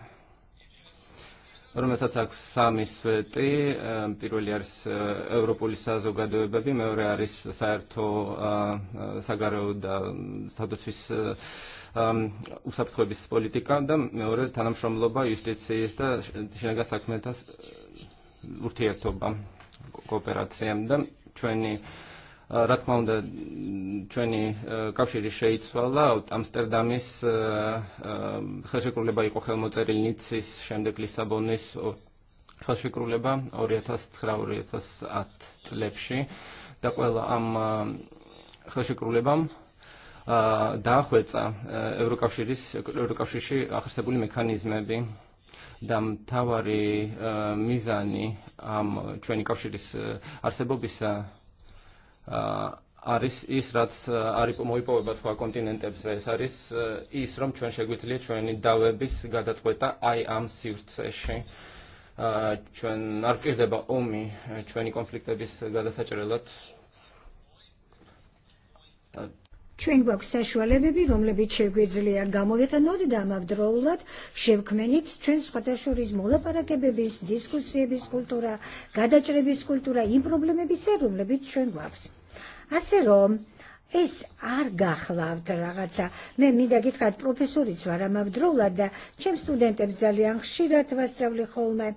sami sveti, რომელსაც აქვს სამი სვეტი, პირველი არის ევროპული საზოგადოებები, მეორე არის da საგარეო და სტატუსის უსაფრთხოების პოლიტიკა და მეორე თანამშრომლობა იუსტიციის და შინაგან საქმეთა ურთიერთობა, კოოპერაცია და ჩვენი რა თქმა უნდა ჩვენი კავშირის შეიცვალა ამსტერდამის ხელშეკრულება იყო ხელმოწერილი ნიცის შემდეგ ლისაბონის ხელშეკრულება 2009-2010 წლებში და ყველა ამ ხელშეკრულებამ დაახვეწა ევროკავშირის ევროკავშირში ახორციელებული mekanizmebi, dam tawari eh, mizani am ċweni kawxiris eh, arsebobisa uh, არის uh, ის uh, uh, i konflikta bis სხვა კონტინენტებზე ეს არის ის რომ ჩვენ შეგვიძლია ჩვენი დავების გადაწყვეტა აი ამ სივრცეში ჩვენ არ ჭირდება ომი ჩვენი kmenit გადასაჭრელად ჩვენ გვაქვს საშუალებები, para kebe bis და bis kultura, ჩვენ სხვადასხვა bis kultura, კულტურა, გადაჭრების bis erum პრობლემებისა, რომლებიც ჩვენ გვაქვს għasirhom Is argaħ law t-ragazza, men mida gitkat professuriċ ma mabdrulla da, ċem studente bżalli għan xida t-vassaw li xolme,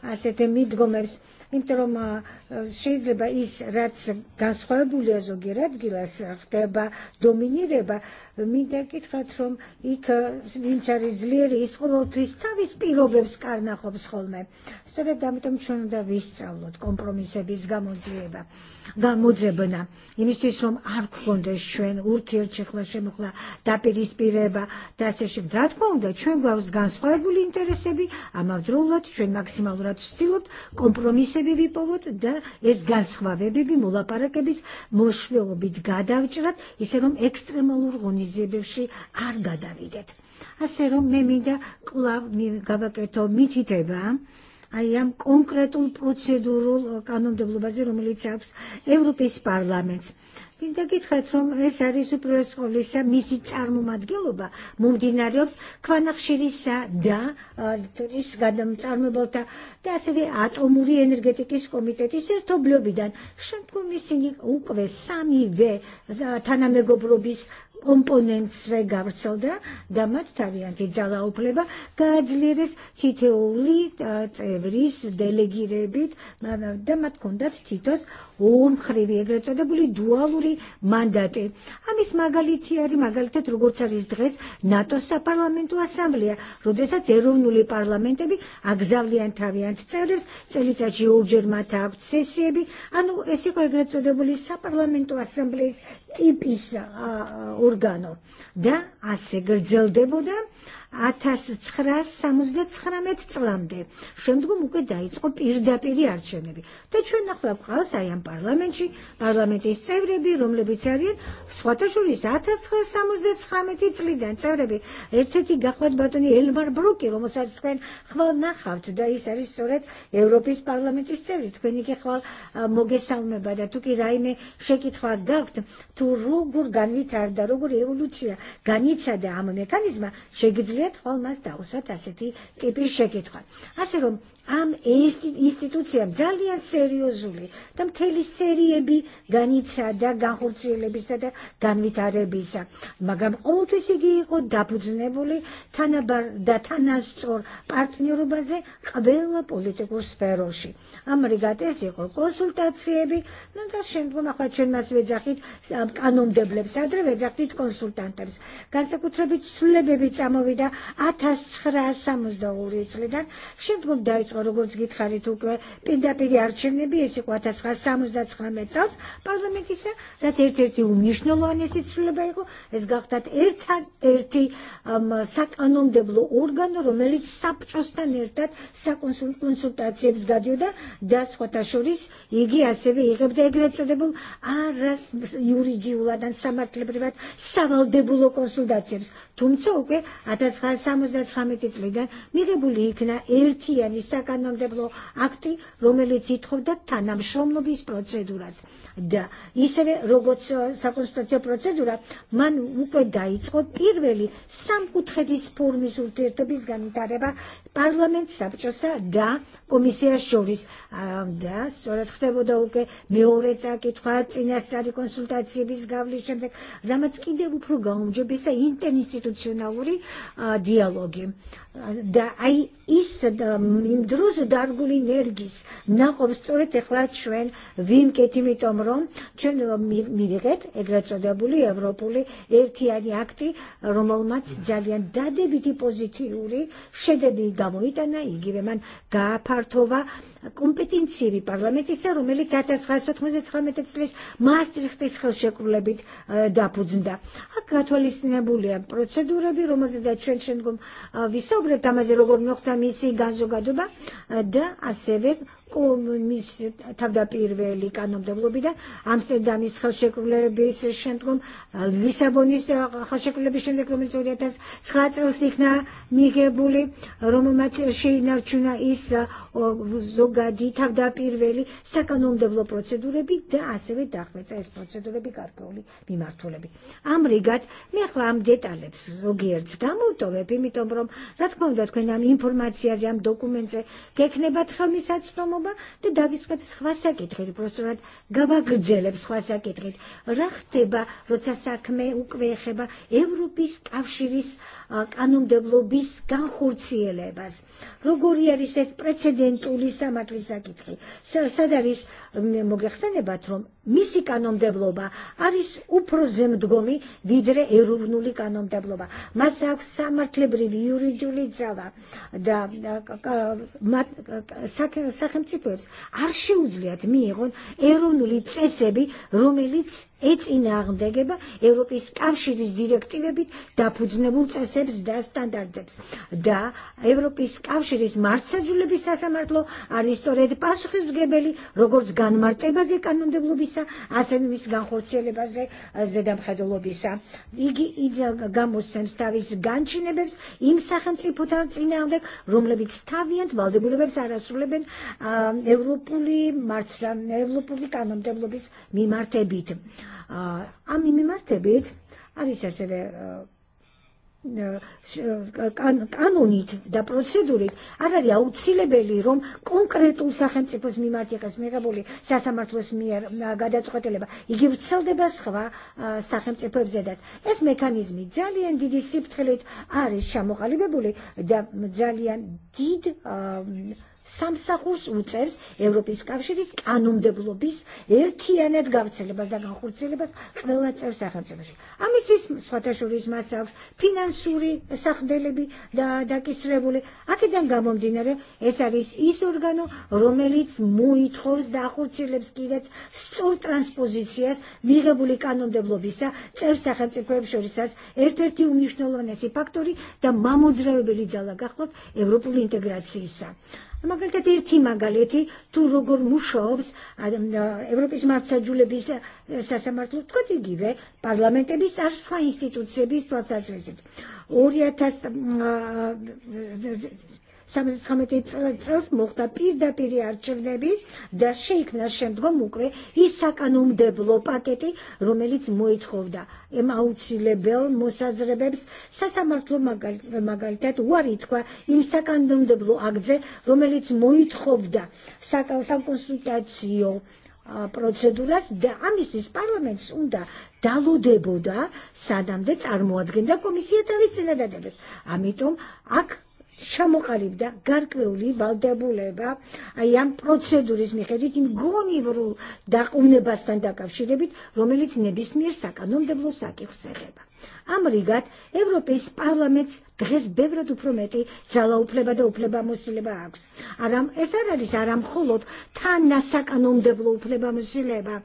għaset e midgomers, interom eh, xejz li ba is razz għan sħobu li għazu girat gilas, ħteba dominireba, Mindenkit katrom, ik eh, vinċar izlir jisħolu trista vispiru skarna naħob sħolme. Sore damitom ċunu da visċallot, kompromise biz gamudzeba, gamudzebna. Jimistu jisrom ark konde xwen, urtir ċekla xemukla, ta per ispireba, ta se xim drat konde, ċwen għawz għan sħajbul interesebi, għama vdrulot, ċwen maksimalurat stilot, kompromisebi vipovot, da ez gan għan sħvavebi, mula parakebis, moxveobit gadavċrat, jisrom ekstremalur għon izjebivši arga da videt. A se rom memi da klav mi gabaketo mititeba, għajjam konkretul proceduru għannum deblu bazirum li ċabs Europis Parlament. Tinda għitħat rom esari su li sa misi ċarmu madgiluba, mum dinarjobs, kwanax xirisa da, turis gadam ċarmu bota, da sevi at omuri energetikis komiteti, sir toblu bidan, xan komisini ukve sami ve, tana megobru bis komponent სრეგავწოდა და მათ თავიანთი ძალაუფლება გააძლიერეს თითოეული წევრის დელეგირებით და მათ ჰქონდათ თითოს ომხრივი, ეგრეთ წოდებული დუალური მანდატი. ამის მაგალითი არის მაგალითად როგორც არის დღეს ნატოს საპარლამენტო ასამბლეა, როდესაც ეროვნული პარლამენტები აგზავლიან თავიანთ წევრებს, წელიწადში ორჯერ მათ აქვთ სესიები, ანუ ეს იყო ეგრეთ წოდებული საპარლამენტო ასამბლეის ტიპის ორგანო და ასე გრძელდებოდა 1979 წლამდე. შემდგომ უკვე დაიწყო პირდაპირი არჩევნები. და ჩვენ ახლა გვყავს აი ამ პარლამენტში პარლამენტის წევრები, რომლებიც არიან სხვათაშორის 1979 წლიდან წევრები. ერთ-ერთი გახლავთ ბატონი ელმარ ბროკი, რომელსაც თქვენ ხვალ ნახავთ და ის არის სწორედ ევროპის პარლამენტის წევრი. თქვენი კი ხვალ მოგესალმება და თუ კი რაიმე შეკითხვა გაქვთ, თუ როგორ განვითარდა, როგორ ევოლუცია განიცადა ამ მექანიზმა, შეგიძლიათ tħolmas dawsa ta' seti e biex jitħol. Għasirum, għam istituzzjam, zalli għan serju zuli, tam tħeli serje bi ganitza da għanħurzi li bisa da ganvita rebisa. Magam għotu sigi u dapuznevoli tana bar da tana zor partneru baze għabela politiku sferoxi. Għam rigat esi konsultazzjebi, nanka xendu naħħaċen mas veġaħit għannum Għan sulle 1972 წლიდან შემდგომ დაიწყო როგორც გითხარით უკვე პირდაპირ არჩევნები ეს იყო 1979 წელს პარლამენტისა რაც ერთ-ერთი უმნიშვნელოვანესი ცვლილება იყო ეს გახდათ ერთადერთი საკანონმდებლო ორგანო რომელიც საბჭოსთან ერთად საკონსულტაციებს გადიოდა და სხვათა შორის იგი ასევე იღებდა ეგრეთ წოდებულ არა იურიდიულად ან სამართლებრივად სავალდებულო კონსულტაციებს თუმცა უკვე 1900 1973 წლიდან მიღებული იქნა ერთიანი საკანონმდებლო აქტი, რომელიც ითხოვდა თანამშრომლობის პროცედურას. და ისევე როგორც საკონსტიტუციო პროცედურა, მან უკვე დაიწყო პირველი სამკუთხედის ფორმის ურთიერთობის განვითარება Parlament sab ċosa da komisija xoris ah, da soret ħtebu dawke miħureza kitħa t-inassari konsultazzi bizgavli ċemdek ramat skidebu program ġo bisa interinstituzjonali ah, dialogi da ai issa da min druz darguli nergis naħob stori teħlat xwen vim ketimit omrom ċen midiket egrazzodabuli Evropuli irtijani e akti romolmaz zaljan da debiti pozitivuri xedebi gamuitana igiveman da partova kompetenzivi parlamentisa rumeli 1959 წლის მაასტრიხტის ხელშეკრულებით დაფუძნდა. აქ გათვალისწინებულია პროცედურები, რომელზედაც ჩვენ შემდგომ viso Добре, там е зелогор нокта миси газо гадуба да асевек მის თავდაპირველი კანონმდებლობიდან ამსტერდამის ხელშეკრულების შემდგომ ლისაბონის ხელშეკრულების შემდეგ რომელიც 2009 წელს იქნა მიღებული რომელმაც შეინარჩუნა ის ზოგადი თავდაპირველი საკანონმდებლო პროცედურები და ასევე დახვეწა ეს პროცედურები გარკვეული მიმართულებით ამ მე ახლა ამ დეტალებს ზოგიერთს გამოვტოვებ იმიტომ რომ რა თქმა უნდა თქვენ ამ ინფორმაციაზე ამ დოკუმენტზე გეკნებათ ხელმისაწვდომობა ხდება და დავიწყებს სხვა საკითხით, უბრალოდ გავაგრძელებ სხვა საკითხით. რა ხდება, როცა საქმე უკვე ეხება ევროპის კავშირის għak għannum deblu bis għanħur cielebas. Rugur jaris es precedent u li samak li sakitli. Sadaris, mogħaxsane batrum, misi għannum deblu ba, għaris u prozem dgomi vidre i ruvnu li għannum deblu ba. Masak samak li brivi juridju li da, saħem ciprebs, għarxi uzliat miħon, i ruvnu li tsesebi rumelic ეწინააღმდეგება ევროპის კავშირის დირექტივებით დაფუძნებულ წესებს და სტანდარტებს და ევროპის კავშირის მართსაჯულების სასამართლო არის სწორედ პასუხისმგებელი როგორც განმარტებაზე კანონმდებლობისა, ასევე მის განხორციელებაზე ზედამხედველობისა. იგი გამოსცემს თავის განჩინებებს იმ სახელმწიფოთან წინააღმდეგ, რომლებიც თავიანთ ვალდებულებებს არ ასრულებენ ევროპული მართსა ევროპული კანონმდებლობის მიმართებით. Uh, għammi mi martebit, għalli sessele kanunit eh, eh, da prosedurit, għarra li għaw t-sile bellirum konkretu saħen t mi marti għas mi għabuli, sasa martu għas mi er, għada t-sħat il-eba, jgħiv t-sal de basħva eh, saħen t-sipu bżedat. Es didi sib t-ħalit għarri xamu għalli bebuli, da dżalijan did სამსახურს უწევს ევროპის კავშირის კანონმდებლობის ერთიანად გავრცელებას და განხორციელებას ყველა წევრ სახელმწიფოში. ამისთვის სხვათაშორის მას აქვს ფინანსური სახდელები და დაკისრებული. აქედან გამომდინარე, ეს არის ის ორგანო, რომელიც მოითხოვს და ახორციელებს კიდეც სწორ ტრანსპოზიციას მიღებული კანონმდებლობისა წევრ სახელმწიფოებს შორისაც ერთ-ერთი უმნიშვნელოვანესი ფაქტორი და მამოძრავებელი ძალა გახლავთ ევროპული ინტეგრაციისა. Ma Magal kadir tima galeti, tu rogor muxobs, Evropis marċa ġule bis eh, sasa martlu tkoti give, parlamente bis ar sva institut bis tu asas resit. Urja tas სამედიცინო წელს მოხდა პირდაპირი არჩევნები და შეიქმნა შემდგომ უკვე ის საკანონმდებლო პაკეტი, რომელიც მოითხოვდა იმ აუცილებელ მოსაზრებებს სასამართლო მაგალითად უარი თქვა იმ საკანონმდებლო აქტზე, რომელიც მოითხოვდა საკონსულტაციო proċeduras da għamistris parlament unda dalu deboda sadam de armu għadgen da komisija da debes. Għamitum ak ჩამოყალიბდა გარკვეული ვალდებულება, აი ამ პროცედურის მიხედვით იმ გონივრულ დაყუნებასთან დაკავშირებით, რომელიც ნებისმიერ საკანონმდებლო საკითხს ეხება. Am rigat Aram, parlaments დღეს ბევრად უფრო მეტი ძალაუფლება და უფლებამოსილება აქვს. არა ეს არ არის Aramet, მხოლოდ თანასაკანონმდებლო უფლებამოსილება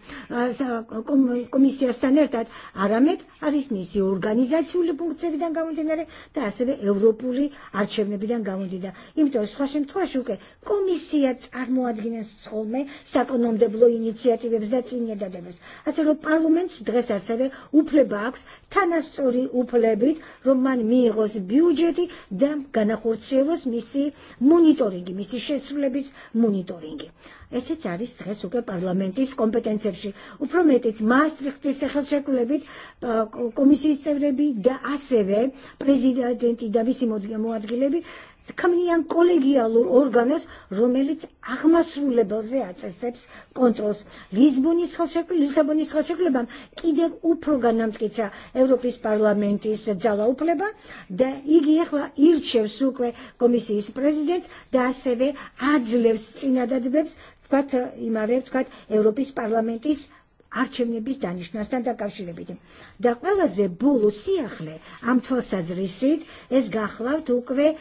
კომისიასთან ერთად, არამედ არის მისი ორგანიზაციული ფუნქციებიდან გამომდინარე და ასევე ევროპული არჩევნებიდან გამომდინარე. იმიტომ რომ სხვა შემთხვევაში უკვე კომისია წარმოადგენს ხოლმე საკანონმდებლო ინიციატივებს და წინადადებას. ასე რომ პარლამენტს დღეს ასევე უფლება აქვს თანას pastori u plebit rumman miħos bjuġeti dem għana kurċevos misi monitoringi, misi xes plebis monitoringi. Esse ċari stressu ke parlamenti skompetenzevxi u prometit Maastricht seħħaxek lebit komissi sevrebi da aseve prezidenti da visimo dgħamu għadgilebi ქმნიან კოლეგიალურ ორგანოს, რომელიც აღმასრულებელზე აწესებს კონტროლს. ლიზბონის ხელშეკრულება, ლისაბონის ხელშეკრულებამ კიდევ უფრო განამტკიცა ევროპის da igi და იგი sukve komisijis prezident, da Seve და ასევე აძლევს წინადადებს ვთქვათ, იმავე ვთქვათ, ევროპის პარლამენტის ze bulu არჩევნების დანიშნასთან დაკავშირებით. და bis doneze, სიახლე ამ თვალსაზრისით debuli, გახლავთ kandidaten,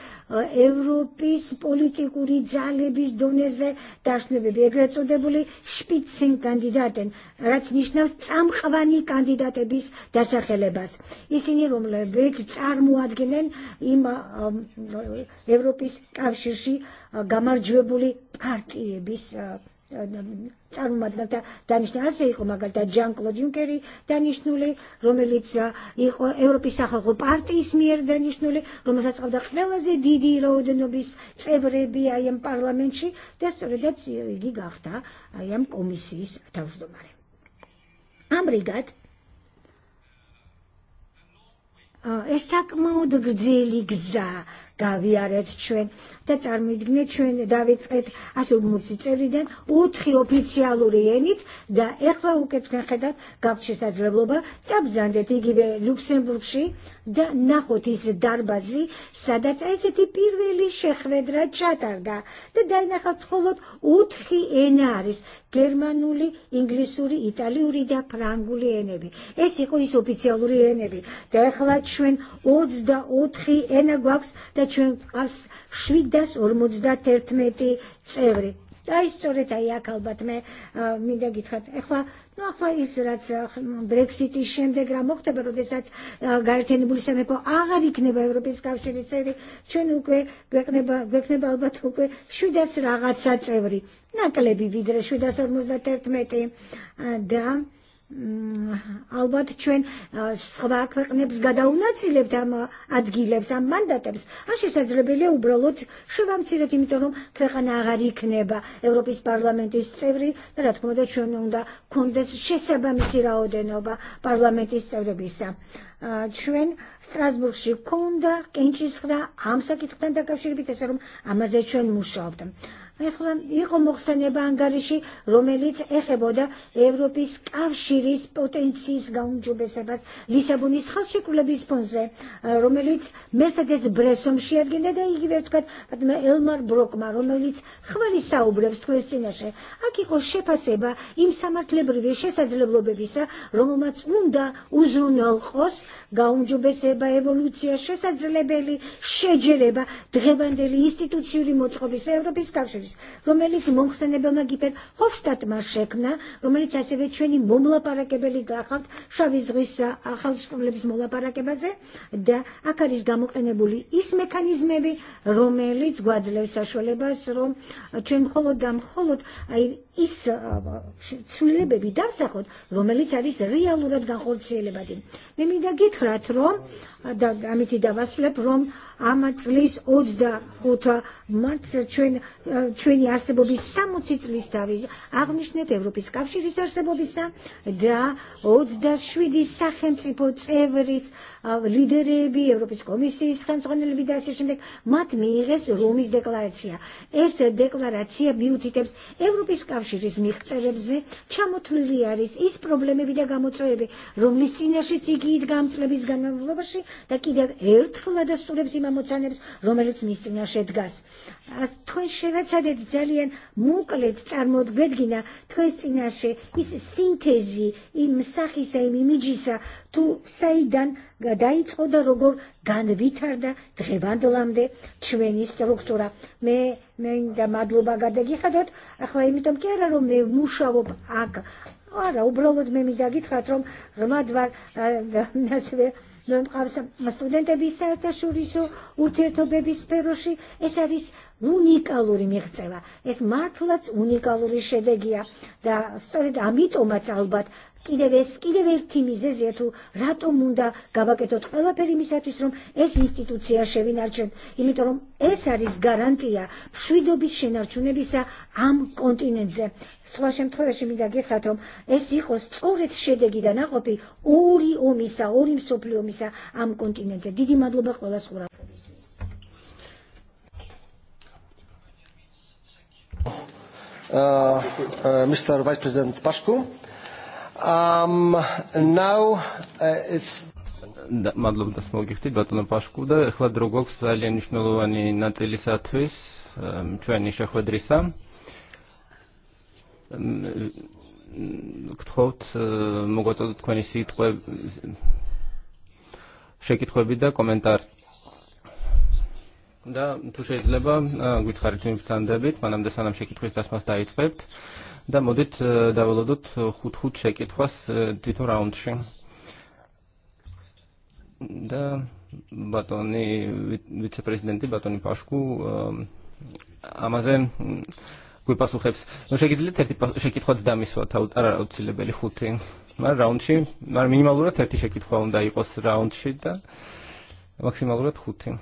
ევროპის პოლიტიკური ძალების დონეზე kandidate bis წოდებული შპიცენ კანდიდატენ, რაც ნიშნავს წამყვანი კანდიდატების დასახელებას. ისინი რომლებიც წარმოადგენენ იმ ევროპის კავშირში გამარჯვებული პარტიების għarru madna ta' tanix naħassi jħu magal ta' Jean-Claude Junckeri tanix nuli Romelitza jħu Europi saħħu parti jismir tanix nuli Romelitza tsaħħu da' xvela ze didi rawdu nubis tsebri bi għajem parlamentxi testu redazzi gigaħta għajem komissis ta' uġdomare. Amrigat, Istak ah, e mawdu gżili gża, გავიარეთ ჩვენ და წარმოიდგინეთ ჩვენ დავიწყეთ ასურ მუზიწერიდან 4 ოფიციალური ენით და ეხლა უკვე თქვენ ხედავთ გაქვთ შესაძლებლობა წაბზანდეთ იგივე ლუქსემბურგში და ნახოთ ის დარბაზი სადაც ესეთი პირველი შეხვედრა ჩატარდა და დაინახავთ მხოლოდ 4 ენა არის გერმანული, ინგლისური, იტალიური და ფრანგული ენები. ეს იყო ის ოფიციალური ენები. და ახლა ჩვენ 24 ენა გვაქვს და ჩვენ გვყავს 751 წევრი და ის სწორედ აი აქ ალბათ მე მინდა გითხრათ ეხლა ну ახლა ის რაც ბრექსიტის შემდეგ რა მოხდება როდესაც გაერთიანებული სამეფო აღარ იქნება ევროპის კავშირის წევრი ჩვენ უკვე გვექნება გვექნება ალბათ უკვე 700 რაღაცა წევრი ნაკლები ვიდრე 751 და ალბათ ჩვენ სხვა ქვეყნებს გადაუნაწილებთ ამ ადგილებს, ამ მანდატებს, ან შესაძლებელია უბრალოდ შევამციროთ, იმიტომ რომ ქვეყანა აღარ იქნება ევროპის პარლამენტის წევრი და რა თქმა უნდა ჩვენ უნდა გქონდეს შესაბამისი რაოდენობა პარლამენტის წევრებისა. ჩვენ სტრასბურგში გქონდა კენჭისხრა ამ საკითხთან დაკავშირებით, ესე რომ იყო მოხსენება ანგარიში, რომელიც ეხებოდა ევროპის კავშირის პოტენციის გაუმჯობესებას ლისაბონის ხელშეკრულების ფონზე, რომელიც მერსედეს ბრესომ შეადგენდა და იგივე თქვათ პატმა ელმარ ბროკმა, რომელიც ხმარის საუბრებს თქვენს წინაშე. აქ იყო შეფასება იმ სამართლებრივი შესაძლებლობებისა, რომელმაც უნდა უზრუნველყოს გაუმჯობესება ევოლუცია შესაძლებელი შეჯერება დღევანდელი ინსტიტუციური მოწყობის ევროპის კავშირის Partners, რომელიც მომხსენებელმა გიპერ ჰოფშტატმა შექმნა, რომელიც ასევე ჩვენი მომლაპარაკებელი გახავთ შავი ზღვის ახალშობლების მოლაპარაკებაზე და აქ არის გამოყენებული ის მექანიზმები, რომელიც გვაძლევს საშუალებას, რომ ჩვენ მხოლოდ და მხოლოდ აი ის ცვლილებები დავსახოთ, რომელიც არის რეალურად განხორციელებადი. მე მინდა გითხრათ, რომ და ამითი დავასრულებ, რომ għama t-lis uġda ħuta marz ċwin jarsebu eh, bissa muċi t-lis tavi. Għagnix net Evropi skafxi ris bissa da uġda xwidi saħem tripot everis lideri bi Europejskoj komisiji skanzoni li bidaj sešendek mat miħes Rumis deklarazzija. Es deklarazzija bi utiteps Europejska avširis miħcerebze ċamot li jaris is problemi bidaj gamocojebi Rumlis cinaxi cikid gamclebiz ganavlobaxi tak ide ert kladasturebzi mamocanebs Romelec misinaxet gas. Tkun xevecadet ძალიან მოკლედ წარმოგვედგინა თქვენს წინაშე ის სინთეზი იმ სახისა, იმ იმიჯისა, tu Saidan gadajt o darogor gan vitarda trivandolamde čveni struktura. Me, me da madluba gadagi hadot, ahla imitam kerarom me mušavob aka. Ara, ublovod me mi da gitratrom, rmadvar na sve, Ну, а студенте би се ташу рису, უნიკალური მიღწევა. ეს მართლაც უნიკალური შედეგია და სწორედ ამიტომაც ალბათ კიდევ ეს კიდევ ერთი მიზეზია თუ რატომ უნდა გავაკეთოთ ყველაფერი იმისათვის რომ ეს ინსტიტუცია შევინარჩუნოთ იმიტომ რომ ეს არის გარანტია მშვიდობის შენარჩუნებისა ამ კონტინენტზე სხვა შემთხვევაში მინდა გითხრათ რომ ეს იყოს სწორედ შედეგიდან აყოფი ორი ომისა ორი მსოფლიო ამ კონტინენტზე დიდი მადლობა ყველას ყურადღებისთვის Uh, uh, Mr. Vice President Pascu. Um, now uh, it's Madlum da smo gifti, batuna Pascu, da hla drugog sali nishnulovani na celi satvis, um, čuani um, uh, še hladrisa. Ktħot mogħot tkun isit xekit xwebida komentar Da, tu xejt leba, għit ħarġin debit, ma namda sanam xekit kwista smas ta' jitfebt. Da, modit da volodut xut xut xekit xwas titu round xe. Da, batoni, viceprezidenti batoni Pašku, amazen, kuj pasu xebs. No xekit li terti xekit xwas da miswa ta' għara għut s-lebeli xuti. Mar round xe, mar minimalura terti xekit xwa unda jikos round xe da, maksimalura tħuti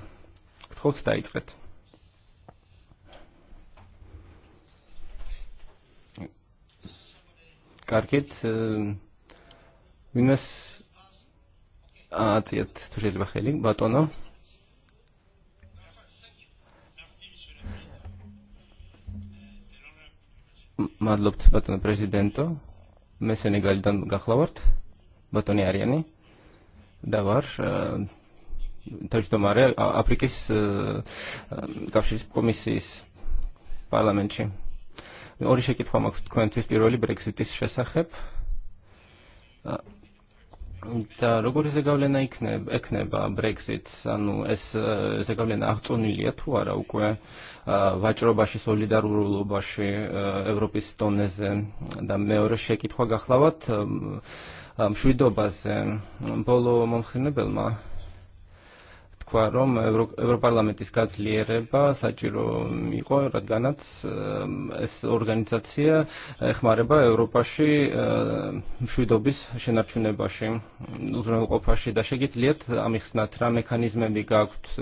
ta' tijdrit. Karkit, minnes äh, għaziet tuġiet baħħili, batona. Madlubt batona prezidento, me Senegal dan għaxlawart, batoni arjani, davar, uh, äh, taġ domar aprikis eh, eh, kafxis komissis parlamentxi. Ori xekit famak kuentis piroli brexitis xesaxeb. Ta' rogur zegawlena ikneb, ekneba Brexit, għannu es eh, zegawlena aħtzon il-jiet wara u kwe vaċro baxi solidarulu baxi Europis tonneze da meħor xekit xogaxlavat, mxujdo baze, polo momħinebelma თქვა, რომ ევროპარლამენტის გაძლიერება საჭირო იყო, რადგანაც ეს ორგანიზაცია ეხმარება ევროპაში მშვიდობის შენარჩუნებაში, უზრუნველყოფაში და შეგიძლიათ ამიხსნათ რა მექანიზმები გაქვთ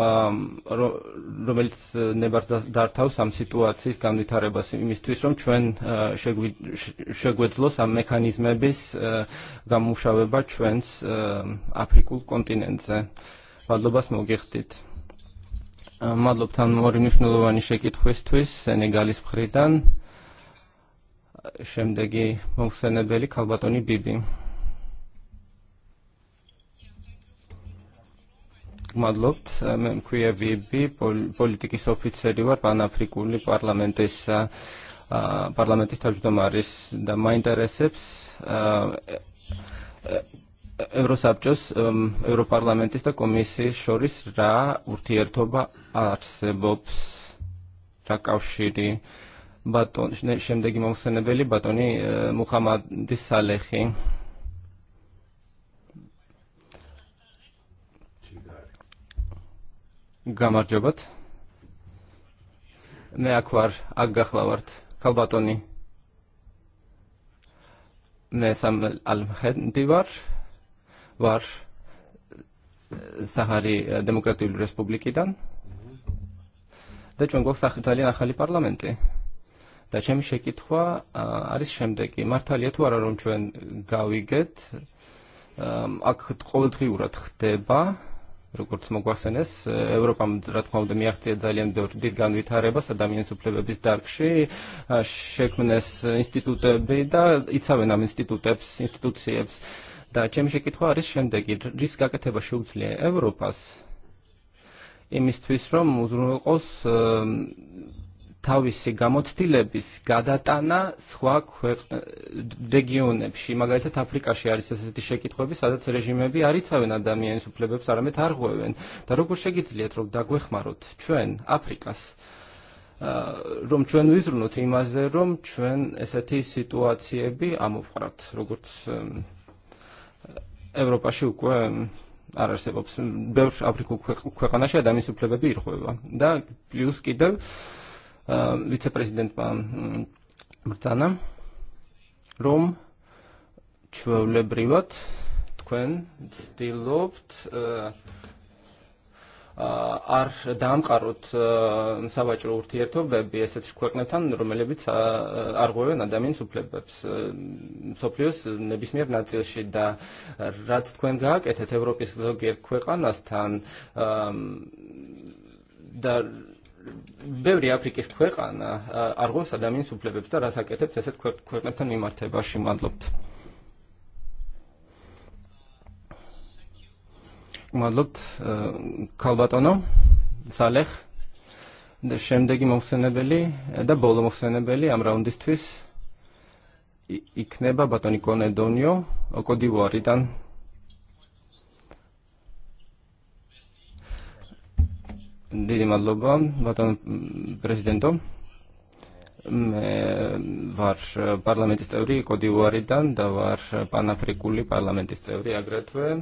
რომელიც ნებართავს ამ სიტუაციის განვითარებას იმისთვის რომ ჩვენ შეგვეძლოს ამ მექანიზმების გამომუშავება ჩვენს აფრიკულ კონტინენტზე მადლობას მოგიხდით მადლობთ ამ ორი მნიშვნელოვანი შეკითხვისთვის სენეგალის მხრიდან შემდეგი მოხსენებელი ქალბატონი ბიბი għadlobt eh, minn kuje vibbi politiki sofizzeri war pa' naprikun parlamentissa parlamentista ġudu eh, maris da ma' intereseps eh, Eurosabġos ehm, Europarlamentista komissi xoris ra urtiertoba arsebops ra kawxiri baton xemdegi mawsenebeli batoni Muhammad Dissalehi Gamar ġobat. Me akwar aggaħ lawart kalbatoni. Me sam al-mħed war. War Sahari Demokratiju l-Respubliki dan. Daċun għok saħ talina ħalli parlamenti. Daċem xek itħwa għaris xemdeki. Marta li jtwara rumċuen għawiget. Ak tħol urat xteba როგორც მოგვახსენეს ევროპამ რა თქმა უნდა მიაღწია ძალიან ბევრი დიდ განვითარებას ადამიანის უფლებების დარგში შექმნეს ინსტიტუტები და იცავენ ამ ინსტიტუტებს ინსტიტუციებს და ჩემი შეკითხვა არის შემდეგი რის გაკეთება შეუძლია ევროპას იმისთვის რომ უზრუნველყოს თავისი გამოცდილების გადატანა სხვა რეგიონებში, მაგალითად აფრიკაში არის ესეთი შეკითხვები, სადაც რეჟიმები არ იცავენ ადამიანის უფლებებს, არამედ არღვევენ. და როგორ შეგიძლიათ რომ დაგვეხმაროთ ჩვენ აფრიკას? რომ ჩვენ ვიზრუნოთ იმაზე, რომ ჩვენ ესეთი სიტუაციები ამოვყრათ, როგორც ევროპაში უკვე არ არსებობს. ბევრ აფრიკულ ქვეყანაში ადამიანის უფლებები ირღვევა და პლუს კიდევ Uh, viċe-president pa' Britanna. Mm, Rom, ċwew le brivat, tkwen, stilobt, uh, uh, ar dam qarut nsawaċru urtiertu bebbi jeset xkweknetan rumelibit argwewe nadamin suplebebs. Soplius nebismir nadzilxi da rad tkwen gag etet Europis kwekan astan um, da kif ბევრი აფრიკის ქვეყანა არგოს ადამიანის უფლებებს და რას აკეთებს ესეთ ქვეყნებთან მიმართებაში მადლობთ მადლობთ ქალბატონო სალეხ შემდეგი მომხსენებელი და ბოლო un distwis, ikneba batonikone ბატონი oko diwaritan, Didi madluba, batan prezidentom. E, var parlamentis teori, kodi uaridan, da var panafrikuli parlamentis teori agretve,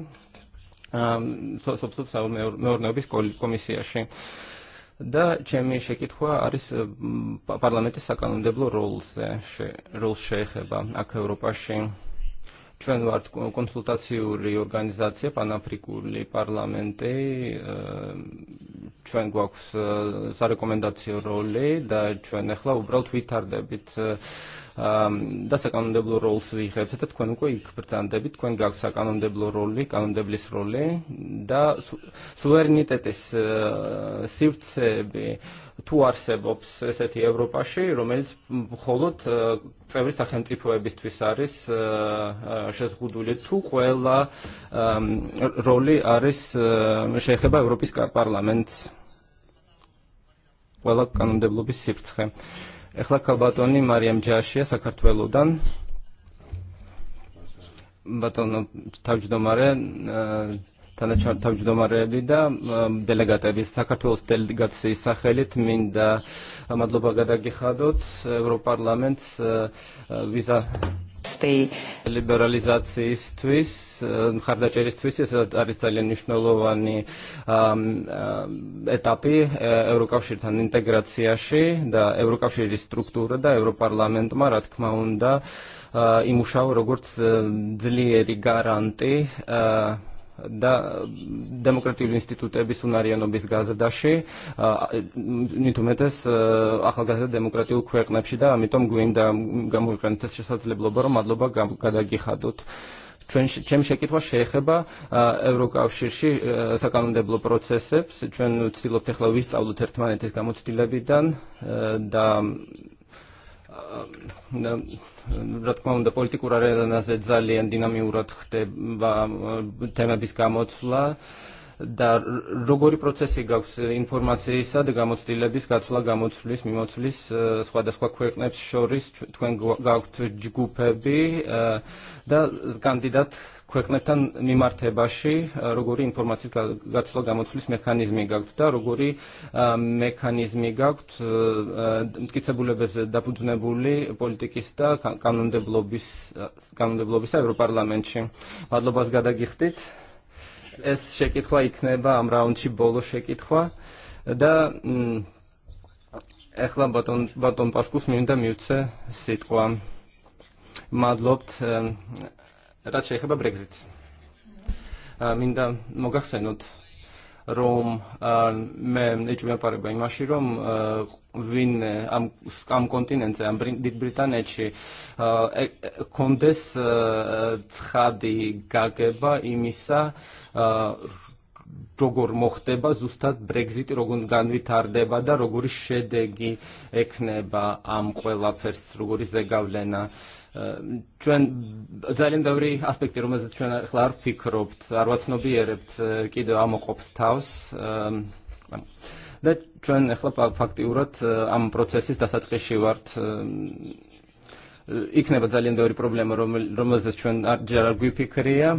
Sobstup sa' meurnobis komissieši. Da ċemmi še kitħua aris parlamenti sa' kanundeblu rolse, rolse xeħeba, ak Europa xie členovat konsultaciu reorganizacije pa li parlamente eh, ċven għak za rekomendazzju rolli da člen ehla ubral Twitter debit eh, um, da sa kanun deblu rol svi hepse tet kwen uko ik pertan debit kwen għak sa kanun deblu rolli kanun deblis rolli da suverenitetes sivtsebi su, თუ არსებობს ესეთი ევროპაში, რომელიც მხოლოდ წევრი სახელმწიფოებისთვის არის შეზღუდული, თუ ყველა როლი არის შეეხება ევროპის პარლამენტს. ყველა კანონმდებლობის სიბრცხე. ეხლა ქალბატონი მარიამ ჯაშია საქართველოსდან ბატონო თავმჯდომარე tal-ċartaw ġdomu għal-realida, um, delegata bi s-sakartu s-delegazzi s minn da madluba għada għiħadot, Europarlament, viza liberalizzazzi stwis, mħarda ċeri stwis, jisad għarizza li nixnolu għanni etapi, Eurokawxir tan integrazzija xi, da Eurokawxir struttura, da Europarlament marat kma unda, uh, imuxaw rogurt um, dlieri garanti, uh, da demokrativni institut bi su narjeno bis gaza dashi nitumetes ახალგაზრდა დემოკრატიულ ქვეყნებში და ამიტომ გვინდა გამოიყენოთ ეს შესაძლებლობა რომ მადლობა გადაგიხადოთ ċem xekitwa xeħeba Eurokawxirxi sakanun deblo processebs, ċen t-stillob teħla wist għawdu tertmanet il-kamut t bidan da ratkomanda politiku rarelanaze ძალიან დინამიურად ხდება თემების გამოცვლა და როგორი პროცესი გაქვს ინფორმაციისა და გამოცდილების გაცვლა გამოცვლის მიმოცვლის სხვადასხვა ქვეყნებს შორის თქვენ გაქვთ ჯგუფები da kandidat ქვეყნებთან მიმართებაში, როგორი ინფორმაციის გაცვლა გამოთვლის მექანიზმი გაქვთ და როგორი მექანიზმი გაქვთ მტკიცებულებებზე დაფუძნებული პოლიტიკის და კანონმდებლობის კანონმდებლობისა ევროპარლამენტში. მადლობას გადაგიხდით. ეს შეკითხვა იქნება ამ რაუნდში ბოლო შეკითხვა და Eħla baton, baton paxkus minn da miutse sitqwa madlobt raczej chyba Brexit. Ah, min da' mogach senut rom ah, me neġme parbe maċi Rom ah, vin għam kontinenze għam dit Britanneċi e, kondess tħadi gageba imissa როგორ მოხდება ზუსტად ბრეგზიტი, როგორ განვითარდება და როგორი შედეგი ექნება ამ ყველაფერს, როგორი ზეგავლენა. ჩვენ ძალიან ბევრი ასპექტი, რომელზეც ჩვენ ახლა არ ვფიქრობთ, არ ვაცნობიერებთ კიდევ ამოყოფს თავს. და fakti urat eh, am procesis პროცესის დასაწყისში ვართ ikneba ძალიან ბევრი პრობლემა, რომელზეც ჩვენ ჯერ არ გვიფიქრია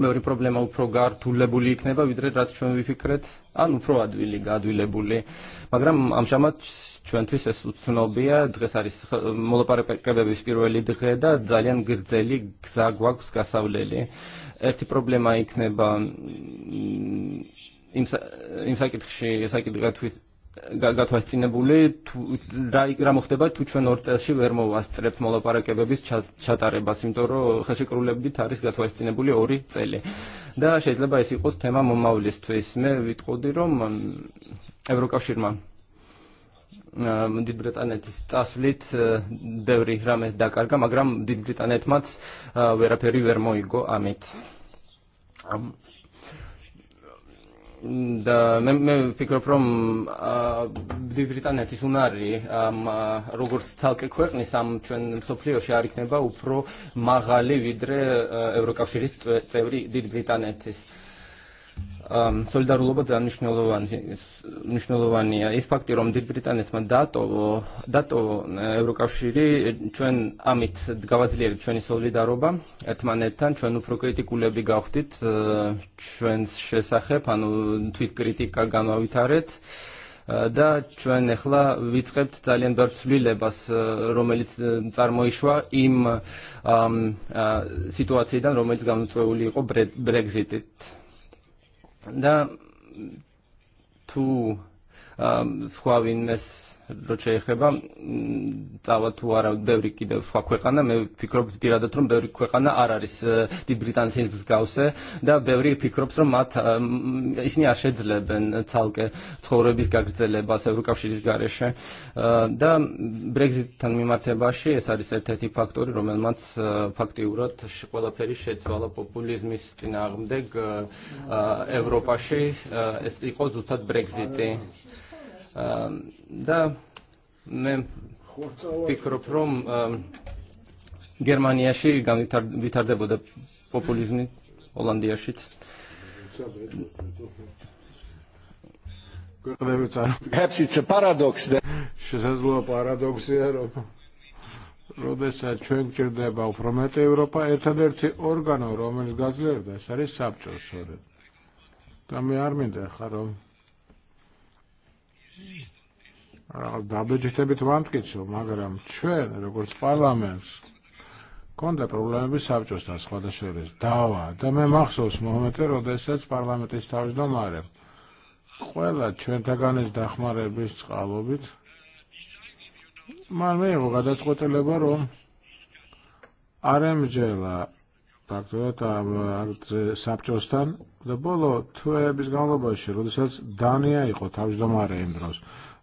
მეორე პრობლემა უფრო გართულებული იქნება, ვიდრე რაც ჩვენ ვიფიქრეთ, ან უფრო ადვილი გადვილებული. მაგრამ ამჟამად ჩვენთვის ეს უცნობია, დღეს არის მოლაპარაკებების პირველი დღე და ძალიან გრძელი გზა li. Erti problema i kneba იმ იმ საკითხში, საკითხათვით გათვალისწინებული თუ რა რა მოხდება თუ ჩვენ ორ წელში ვერ მოვასწრებთ მოლაპარაკებების ჩატარებას, იმიტომ რომ ხელშეკრულებით არის გათვალისწინებული ორი წელი. და შეიძლება ეს იყოს თემა მომავლისთვის. მე ვიტყოდი რომ ევროკავშირმა დიდ ბრიტანეთის წასვლით ბევრი რამე დაკარგა, მაგრამ დიდ ბრიტანეთმაც ვერაფერი ვერ მოიგო ამით. Da, me pikro prom di Britannia ti sunarri rogur stalk kwekni sam čuen soplio še pro neba upro magali vidre eh, Eurokavširis cevri did Britannia tis სოლიდარულობა ძალიან მნიშვნელოვანია. ის ფაქტი, რომ დიდ-ბრიტანეთმა დატო დატო ევროკავშირი, ჩვენ ამით გავაძლიერეთ ჩვენი სოლიდარობა ერთმანეთთან, ჩვენ უფრო კრიტიკულები გავხდით ჩვენს შესახებ, ანუ თვითკრიტიკა განავითარეთ. და ჩვენ ახლა ვიწყებთ ძალიან დარ ცვლილებას, რომელიც წარმოიშვა იმ სიტუაციიდან, რომელიც გამოწვეული იყო brexitit da tu um, sħawin mess როჩე ეხება წავათვარ ბევრი კიდევ სხვა ქვეყანა მე ვფიქრობ პირადად რომ ბევრი ქვეყანა არ არის დიდ ბრიტანეთის მსგავსე და ბევრი ფიქრობს რომ მათ ისინი არ შეძლებენ ცალკე ცხოვრების გაგრძელებას ევროკავშირის გარეშე და ბრეგზიტთან მიმართებაში ეს არის ერთ-ერთი ფაქტორი რომელმაც ფაქტიურად ყველაფერი შეცვალა პოპულიზმის წინააღმდეგ ევროპაში ეს იყო ზუსტად ბრეგზიტი Um, da, mem pikroprom um, Germania xi gam bitardebu da populizmi Hollandija xit. Perhaps it's a paradox that Xisezlu paradox Europa. Rodessa ċenkċirdeba u promete Europa e taderti organo romens gazlerda, saris sabċo soret. Tammi armin deħarom დაბეჭდებით ვამტკიცო, მაგრამ ჩვენ, როგორც პარლამენტს, კონდა პრობლემები საბჭოსთან სხვადასხვა შორის დავა და მე მახსოვს მომენტი, როდესაც პარლამენტის თავმჯდომარემ ყველა ჩვენთაგანის დახმარების წყალობით მან მიიღო გადაწყვეტილება, რომ არ ემჯელა ფაქტობრივად საბჭოსთან და ბოლო თვეების განმავლობაში, როდესაც დანია იყო თავმჯდომარე იმ დროს,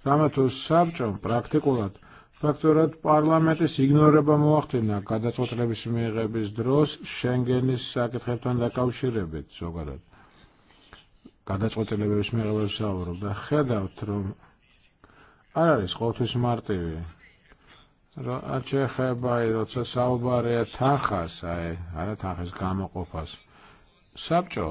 რამე თუ საბჭომ პრაქტიკულად ფაქტობრივად პარლამენტის იგნორება მოახდინა გადაწყვეტილების მიღების დროს შენგენის საკითხებთან დაკავშირებით ზოგადად. გადაწყვეტილებების მიღებას საუბრობ და ხედავთ, რომ არ არის ყოველთვის მარტივი Għacċeħeba jidotsa sawbar jattaxas, għara taxas kama kofas. Sabċo,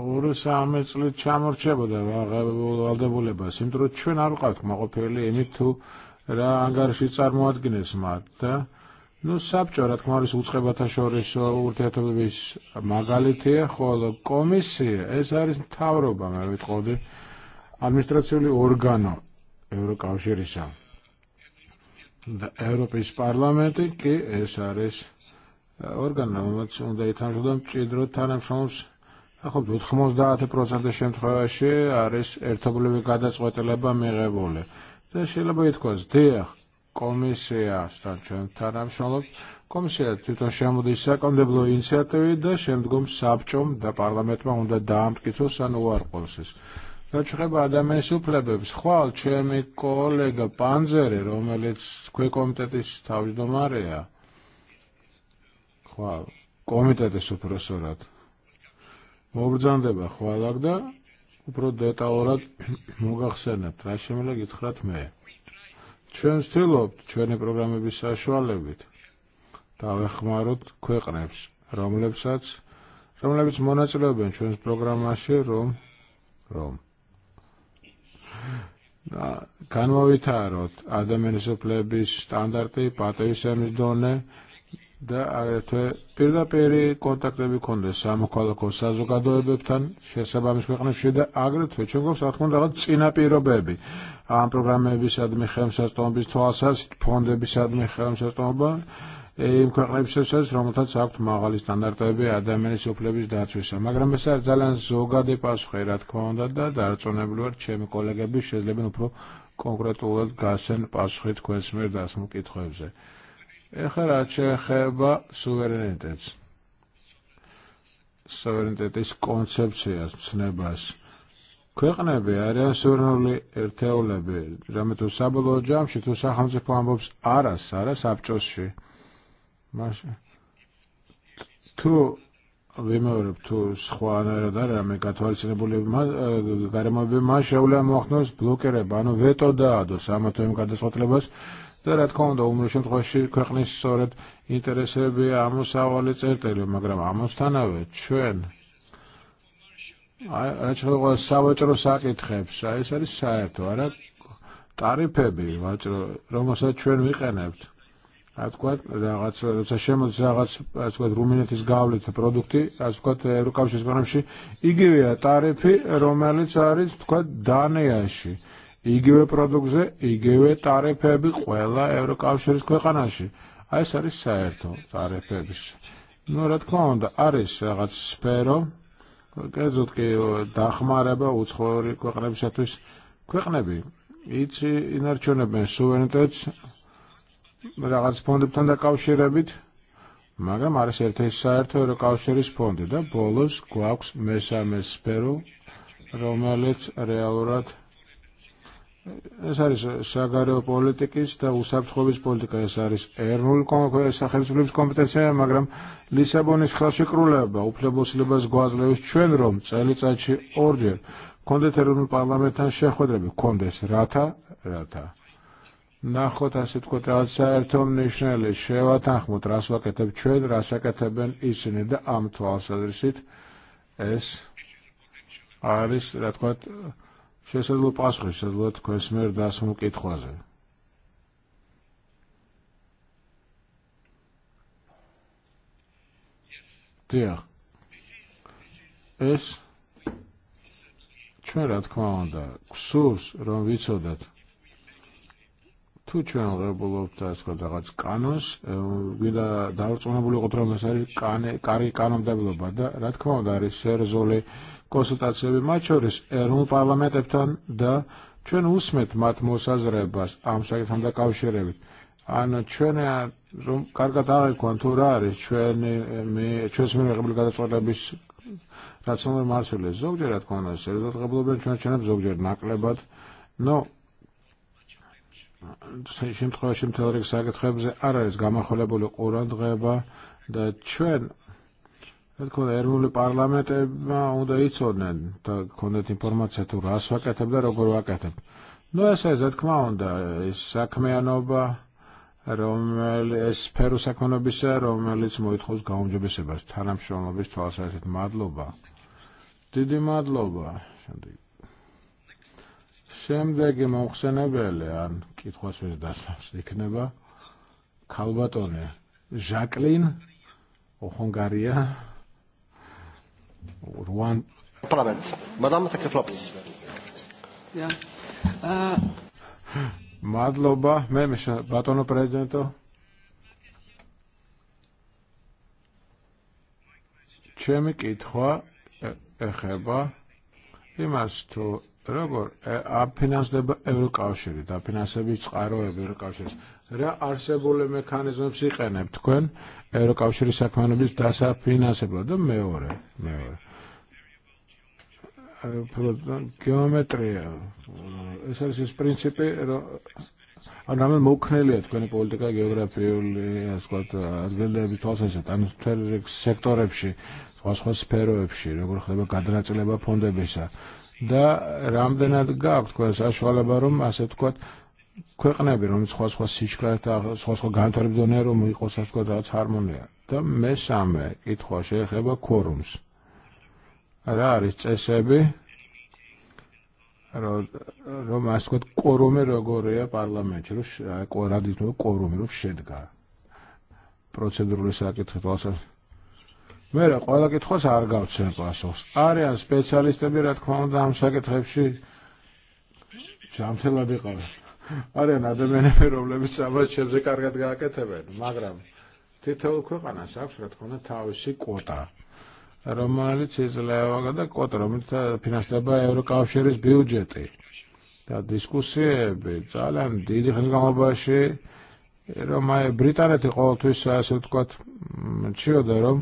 uru samets li ċamur ċebuda, għaldebuleba, simtru ċun arqat, ma kopirli imittu ra għarxi ċarmu għadgnis mat. Eh? Nu sabċo, rat kmaris uċħeba ta' xoris urtietu biex magalitie, xol komissie, ez għaris tawruba, ma' vitħodi, amministrazzjoni organo, Eurokawxirisa. Ewropejs parlamenti ki es aris eh, organamats un dejtan ġudam ċidru tanem xons Għobdu, 15% xemtħoħaxi għaris irtoglu għada t-għoteleba miħebuli. Da xilaba jitkoz, diħ, komisija, stanċen, tanem xolob, komisija, tito xemu dissa, kom deblu inizjativi, da xem dgum sabċum, da parlament ma unda dam, kitu san u għarkonsis. Soċħeba da me suplebe b'sħual ċemi kollega panzeri, romelec kwe komitetis tawġ domarija. Xħal, komitetis supresorat. deba u მობრძანდება ხვალაკ და უფრო დეტალურად მოგახსენებთ, რა შემიძლია გითხრათ მე. ჩვენ ვცდილობთ ჩვენი პროგრამების საშუალებით დავეხმაროთ ქვეყნებს, რომლებსაც monaċ leben, ċen programmaxi rom, rom. Kan ma semis donne, da arete, განვავითაროთ ადამიანის უფლების სტანდარტი პატივისცემის დონე და აგრეთვე პირდაპირი კონტაქტები გქონდეს სამოქალაქო საზოგადოებებთან შესაბამის ქვეყნებში და აგრეთვე ჩვენ გვაქვს რა თქმა უნდა რაღაც წინაპირობები ამ პროგრამებისადმი ხელმსაწვდომობის თვალსაზრისით ფონდებისადმი ხელმსაწვდომობა იმ ქვეყნებსაც რომელთაც აქვთ მაღალი სტანდარტები ადამიანის უფლების დაცვისა. მაგრამ ეს არის ძალიან ზოგადი პასუხი, რა თქმა უნდა და დარწმუნებული ვარ, ჩემი კოლეგები შეიძლება უფრო კონკრეტულად გასცენ პასუხი თქვენს მიერ დასმულ კითხვებზე. ეხლა რა შეეხება სუverენიტეტს. სუverენიტეტის კონცეფციას, ცნებას. ქვეყნები არიან სურნული ერთეულები, რამე თუ საბოლოო ჯამში თუ სახელმწიფო ამბობს არას, არას აბჭოსში. Tu ვიმეორებ თუ სხვა ანარად არ რამე გათვალისწინებული გარემოები მას შეუძლია მოახდნოს ბლოკირება, ანუ ვეტო დაადოს ამა თუ იმ გადაწყვეტილებას და რა თქმა უნდა უმრავლეს შემთხვევაში ქვეყნის სწორედ ინტერესები ამოსავალი წერტილი, მაგრამ ამასთანავე ჩვენ აი რა შეიძლება სავაჭრო საკითხებს, აი ეს არის საერთო, არა ტარიფები, ვაჭრო, რომელსაც ჩვენ ვიყენებთ għadkwad, għadsaxem, għadkwad ruminet izgawli ta' e produkti, għadkwad e, rukaw xie zgħanamxie, igivja e tarifi romeli cari, tkwad dani jaxi. Igivja produkze, igivja tarifebi kwella rukaw xie zgħanamxie. Għajs għaris sajrtu tarifebi. Nurat konda, għaris għad spero, għedzut ki daħmareba u tħori kweknebi xatus, kweknebi, jitsi inarċuneben suverenitet, რაღაც ფონდებთან დაკავშირებით, მაგრამ არის ერთ-ერთი საერთო კავშირის ფონდი და ბოლოს გვაქვს მესამე სფერო, რომელიც რეალურად ეს არის საგარეო პოლიტიკის და უსაფრთხოების პოლიტიკა, ეს არის ეროვნული სახელმწიფოების კომპეტენცია, მაგრამ ლისაბონის ხელშეკრულება უფლებოსილებას გვაძლევს ჩვენ რომ წელიწადში ორჯერ კონდეთ ეროვნულ პარლამენტთან შეხვედრები კონდეს რათა რათა naħħu ta' ასეთ კუტრალ საერთომნიშვნელე შევა თანხმოთ რას ვაკეთებ ჩვენ რას აკეთებენ ისინი და ამ თვალსაზრისით ეს არის რა თქმა უნდა შესაძლო პასუხი შესაძლო თქვენს მიერ დასმულ კითხვაზე დიახ ეს ჩვენ რა თქმა უნდა გსურს vizodat. ვიცოდეთ თუ ჩვენ ველოდებთ ეს რაღაც კანონს, გვიდა დაურწმუნებულიყოთ რომ ეს არის კარი კანონმდებლობა და რა თქმა უნდა არის სერიოზული კონსულტაციები მათ შორის ეროვნულ პარლამენტებთან და ჩვენ უსმეთ მათ მოსაზრებას ამ საკითხთან დაკავშირებით. ანუ ჩვენ რომ კარგად აღიქვან თუ რა არის ჩვენი ჩვენს მიღებული გადაწყვეტილების რაციონალური მარცვლე ზოგჯერ რა თქმა უნდა სერიოზულად ყבלობენ ჩვენ ჩვენებს ზოგჯერ ნაკლებად. ნუ შემთხვევაში მთელ რიგ საკითხებზე არ ta გამახვილებული ყურადღება და ჩვენ რა თქმა უნდა ეროვნული პარლამენტებმა უნდა იცოდნენ და ჰქონდეთ ინფორმაცია თუ რას ვაკეთებ და როგორ ვაკეთებ. Ну ეს ეს რა თქმა უნდა ის საქმიანობა რომელიც სფერო საქმიანობისა რომელიც მოითხოვს გაუმჯობესებას თანამშრომლობის თვალსაზრისით მადლობა Didi მადლობა შემდეგ შემდეგი მომხსენებელი ან კითხვის მის დასავს იქნება ქალბატონი ჟაკლინ ოხონგარია რუან Parlament. Madame Tekeflopis. Yeah. Uh... Madloba, me mish batono prezidento. ჩემი კითხვა ეხება იმას თუ როგორ აფინანსდება ევროკავშირი და ფინანსების წყაროები ევროკავშირის რა არსებულ მექანიზმებს იყენებ თქვენ ევროკავშირის საქმიანობის დასაფინანსებლად და მეორე მეორე გეომეტრია meore, meore. ეს პრინციპი għan għamil mukneli għet kwenni politika geografi u li e, għasqat għadgħilli bitwasa e set, għan sektor ebxi, għasqat speru ebxi, għur xleba kadra t-leba pondebisa da ramdenad gabt kwas ashwala barum aset kot ქვეყნები რომ სხვა სხვა სიჩქარით სხვა სხვა განვითარებიდან რომ იყოს ასე ვთქვათ Da ჰარმონია და მესამე კითხვა შეეხება კორუმს რა არის წესები რომ ასე ვთქვათ კორუმი როგორია პარლამენტში რომ რა დითო კორუმი რომ შედგა პროცედურული საკითხი თვალსაზრისით მერე ყველა კითხვას არ გავცენ პასუხს. არიან სპეციალისტები, რა თქმა უნდა, ამ საკითხებში ჯამთელად იყავენ. არიან ადამიანები, რომლებიც ამაჩებზე კარგად გააკეთებენ, მაგრამ თითოეულ ქვეყანას აქვს, რა თქმა უნდა, თავისი კვოტა, რომელიც იძლევა და კვოტა, რომელიც ფინანსდება ევროკავშირის ბიუჯეტი. და დისკუსიები ძალიან დიდი ხნის განმავლობაში რომ აი ბრიტანეთი ყოველთვის ასე ვთქვათ მჩიოდა რომ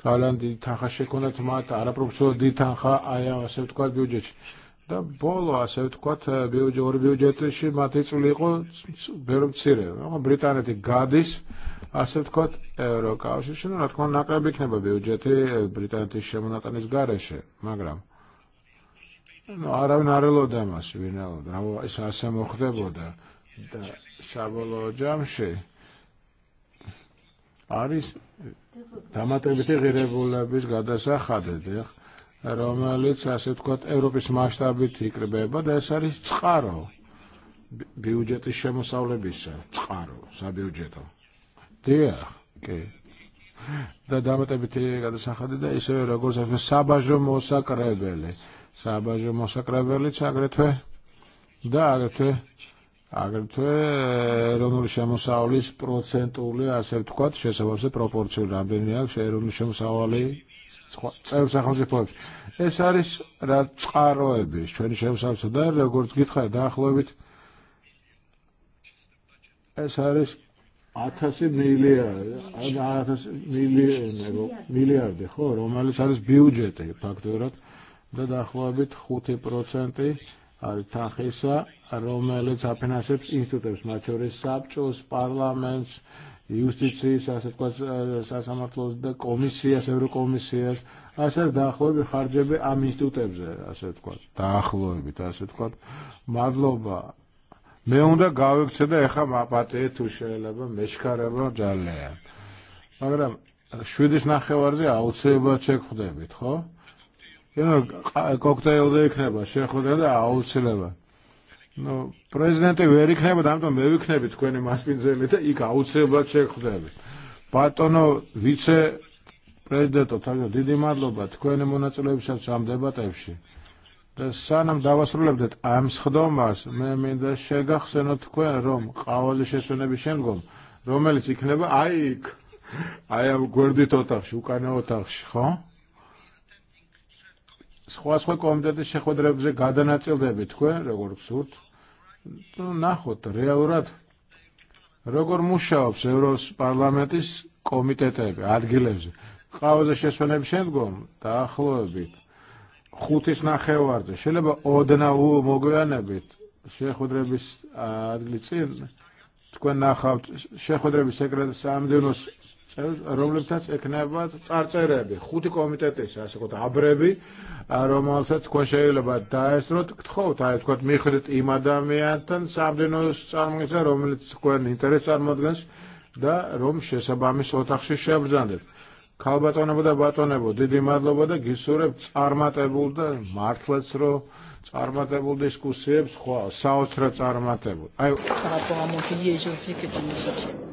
Talan di tħanħa xekunet ma tħara professor di tħanħa għaja għasewt kwa bjuġeċ. Da bolo għasewt kwa eh, bjuġeċ għor bjuġeċ xie ma tiċu liħu berum tsire. Britanet i għadis għasewt kwa euro kawxie xinu għatkon naqra bikneba bjuġeċ eh, Britanet i xie ma naqra xe, Magram. No, għara għaraw narilo damas, vinel, għu isa għasem uħdebo da, da, xabolo ġamxie. Aris, დამატებითი ღირებულების გადასახად ეხ რომელიც ასე ვთქვათ ევროპის მასშტაბით იკრიბება და ეს არის წყარო ბიუჯეტის შემოსავლებისა წყარო საბიუჯეტო დიახ კი და დამატებითი გადასახადი და ისევე როგორც ასე საბაჟო მოსაკრებელი საბაჟო მოსაკრებელიც აგრეთვე და აგრეთვე აგრეთვე ეროვნული შემოსავლის პროცენტული ასე ვთქვათ შესაბამისად პროპორციული რამდენი აქვს ეროვნული შემოსავალი წევრ სახელმწიფოებში. ეს არის რა წყაროები ჩვენი შემოსავლისა და როგორც გითხარი დაახლოებით ეს არის 1000 miljardi, 1000 miljardi, miljardi, ხო, რომელიც არის ბიუჯეტი ფაქტურად და დაახლოებით 5% għal taħħisa romelet għapinasibs institutes maċuris sabċus, parlaments, justizi, sasa matlos da komissijas, evru komissijas, għasar daħlu bi ħarġebi għam institutebze, għasar tkwat, daħlu bi taħsar tkwat, madloba. Me unda għawik ċeda eħa ma patet u xeleba, meċkareba ġalleja. Magram, xwidis naħħe warzi għaw ċeba ċekħu debit, xo? cocktails ikneba, xeħħu da għaw sileba. No, prezidenti, veri kneba damtom bevi knebit, kweni ma spinzelite, ika għaw sileba xeħħu debi. Patono, vice Presidente, tagħu didi madloba, tkweni muna ċulebxat ċam debatebxi. Sanam davas rulebdet, għam sħdomas, me min da xegax senot kwen rom, għawali xesune biexengom. Romelic ikneba, għajk, għajam gwerdi totax, u kane otax, xo? სხვა სხვა კომიტეტის შეხვედრებზე გადანაწილდები თქვენ როგორ გსურთ ნახოთ რეალურად როგორ მუშაობს ევროს პარლამენტის კომიტეტები ადგილებზე ყავაზე შესვენების შემდგომ დაახლოებით ხუთის ნახევარზე შეიძლება ოდნავ მოგვიანებით შეხვედრების ადგილი წინ თქვენ ნახავთ შეხვედრების სეკრეტ სამდენოს რომლებთაც ეკნება წარწერები, ხუთი კომიტეტის, ასე ვთქვათ, აბრები, რომელსაც თქვენ შეიძლება დაესწროთ, გთხოვთ, აი თქვათ მიხვდეთ იმ ადამიანთან სამდინოს წარმოიცა, რომელიც თქვენ ინტერესს წარმოადგენს და რომ შესაბამის ოთახში შებრძანდეთ. ქალბატონებო და ბატონებო, დიდი მადლობა და გისურვებ წარმატებულ და მართლაც რომ წარმატებულ დისკუსიებს ხო საოცრად წარმატებულ. აი, ხა რა მოგვიეჟო ფიქრი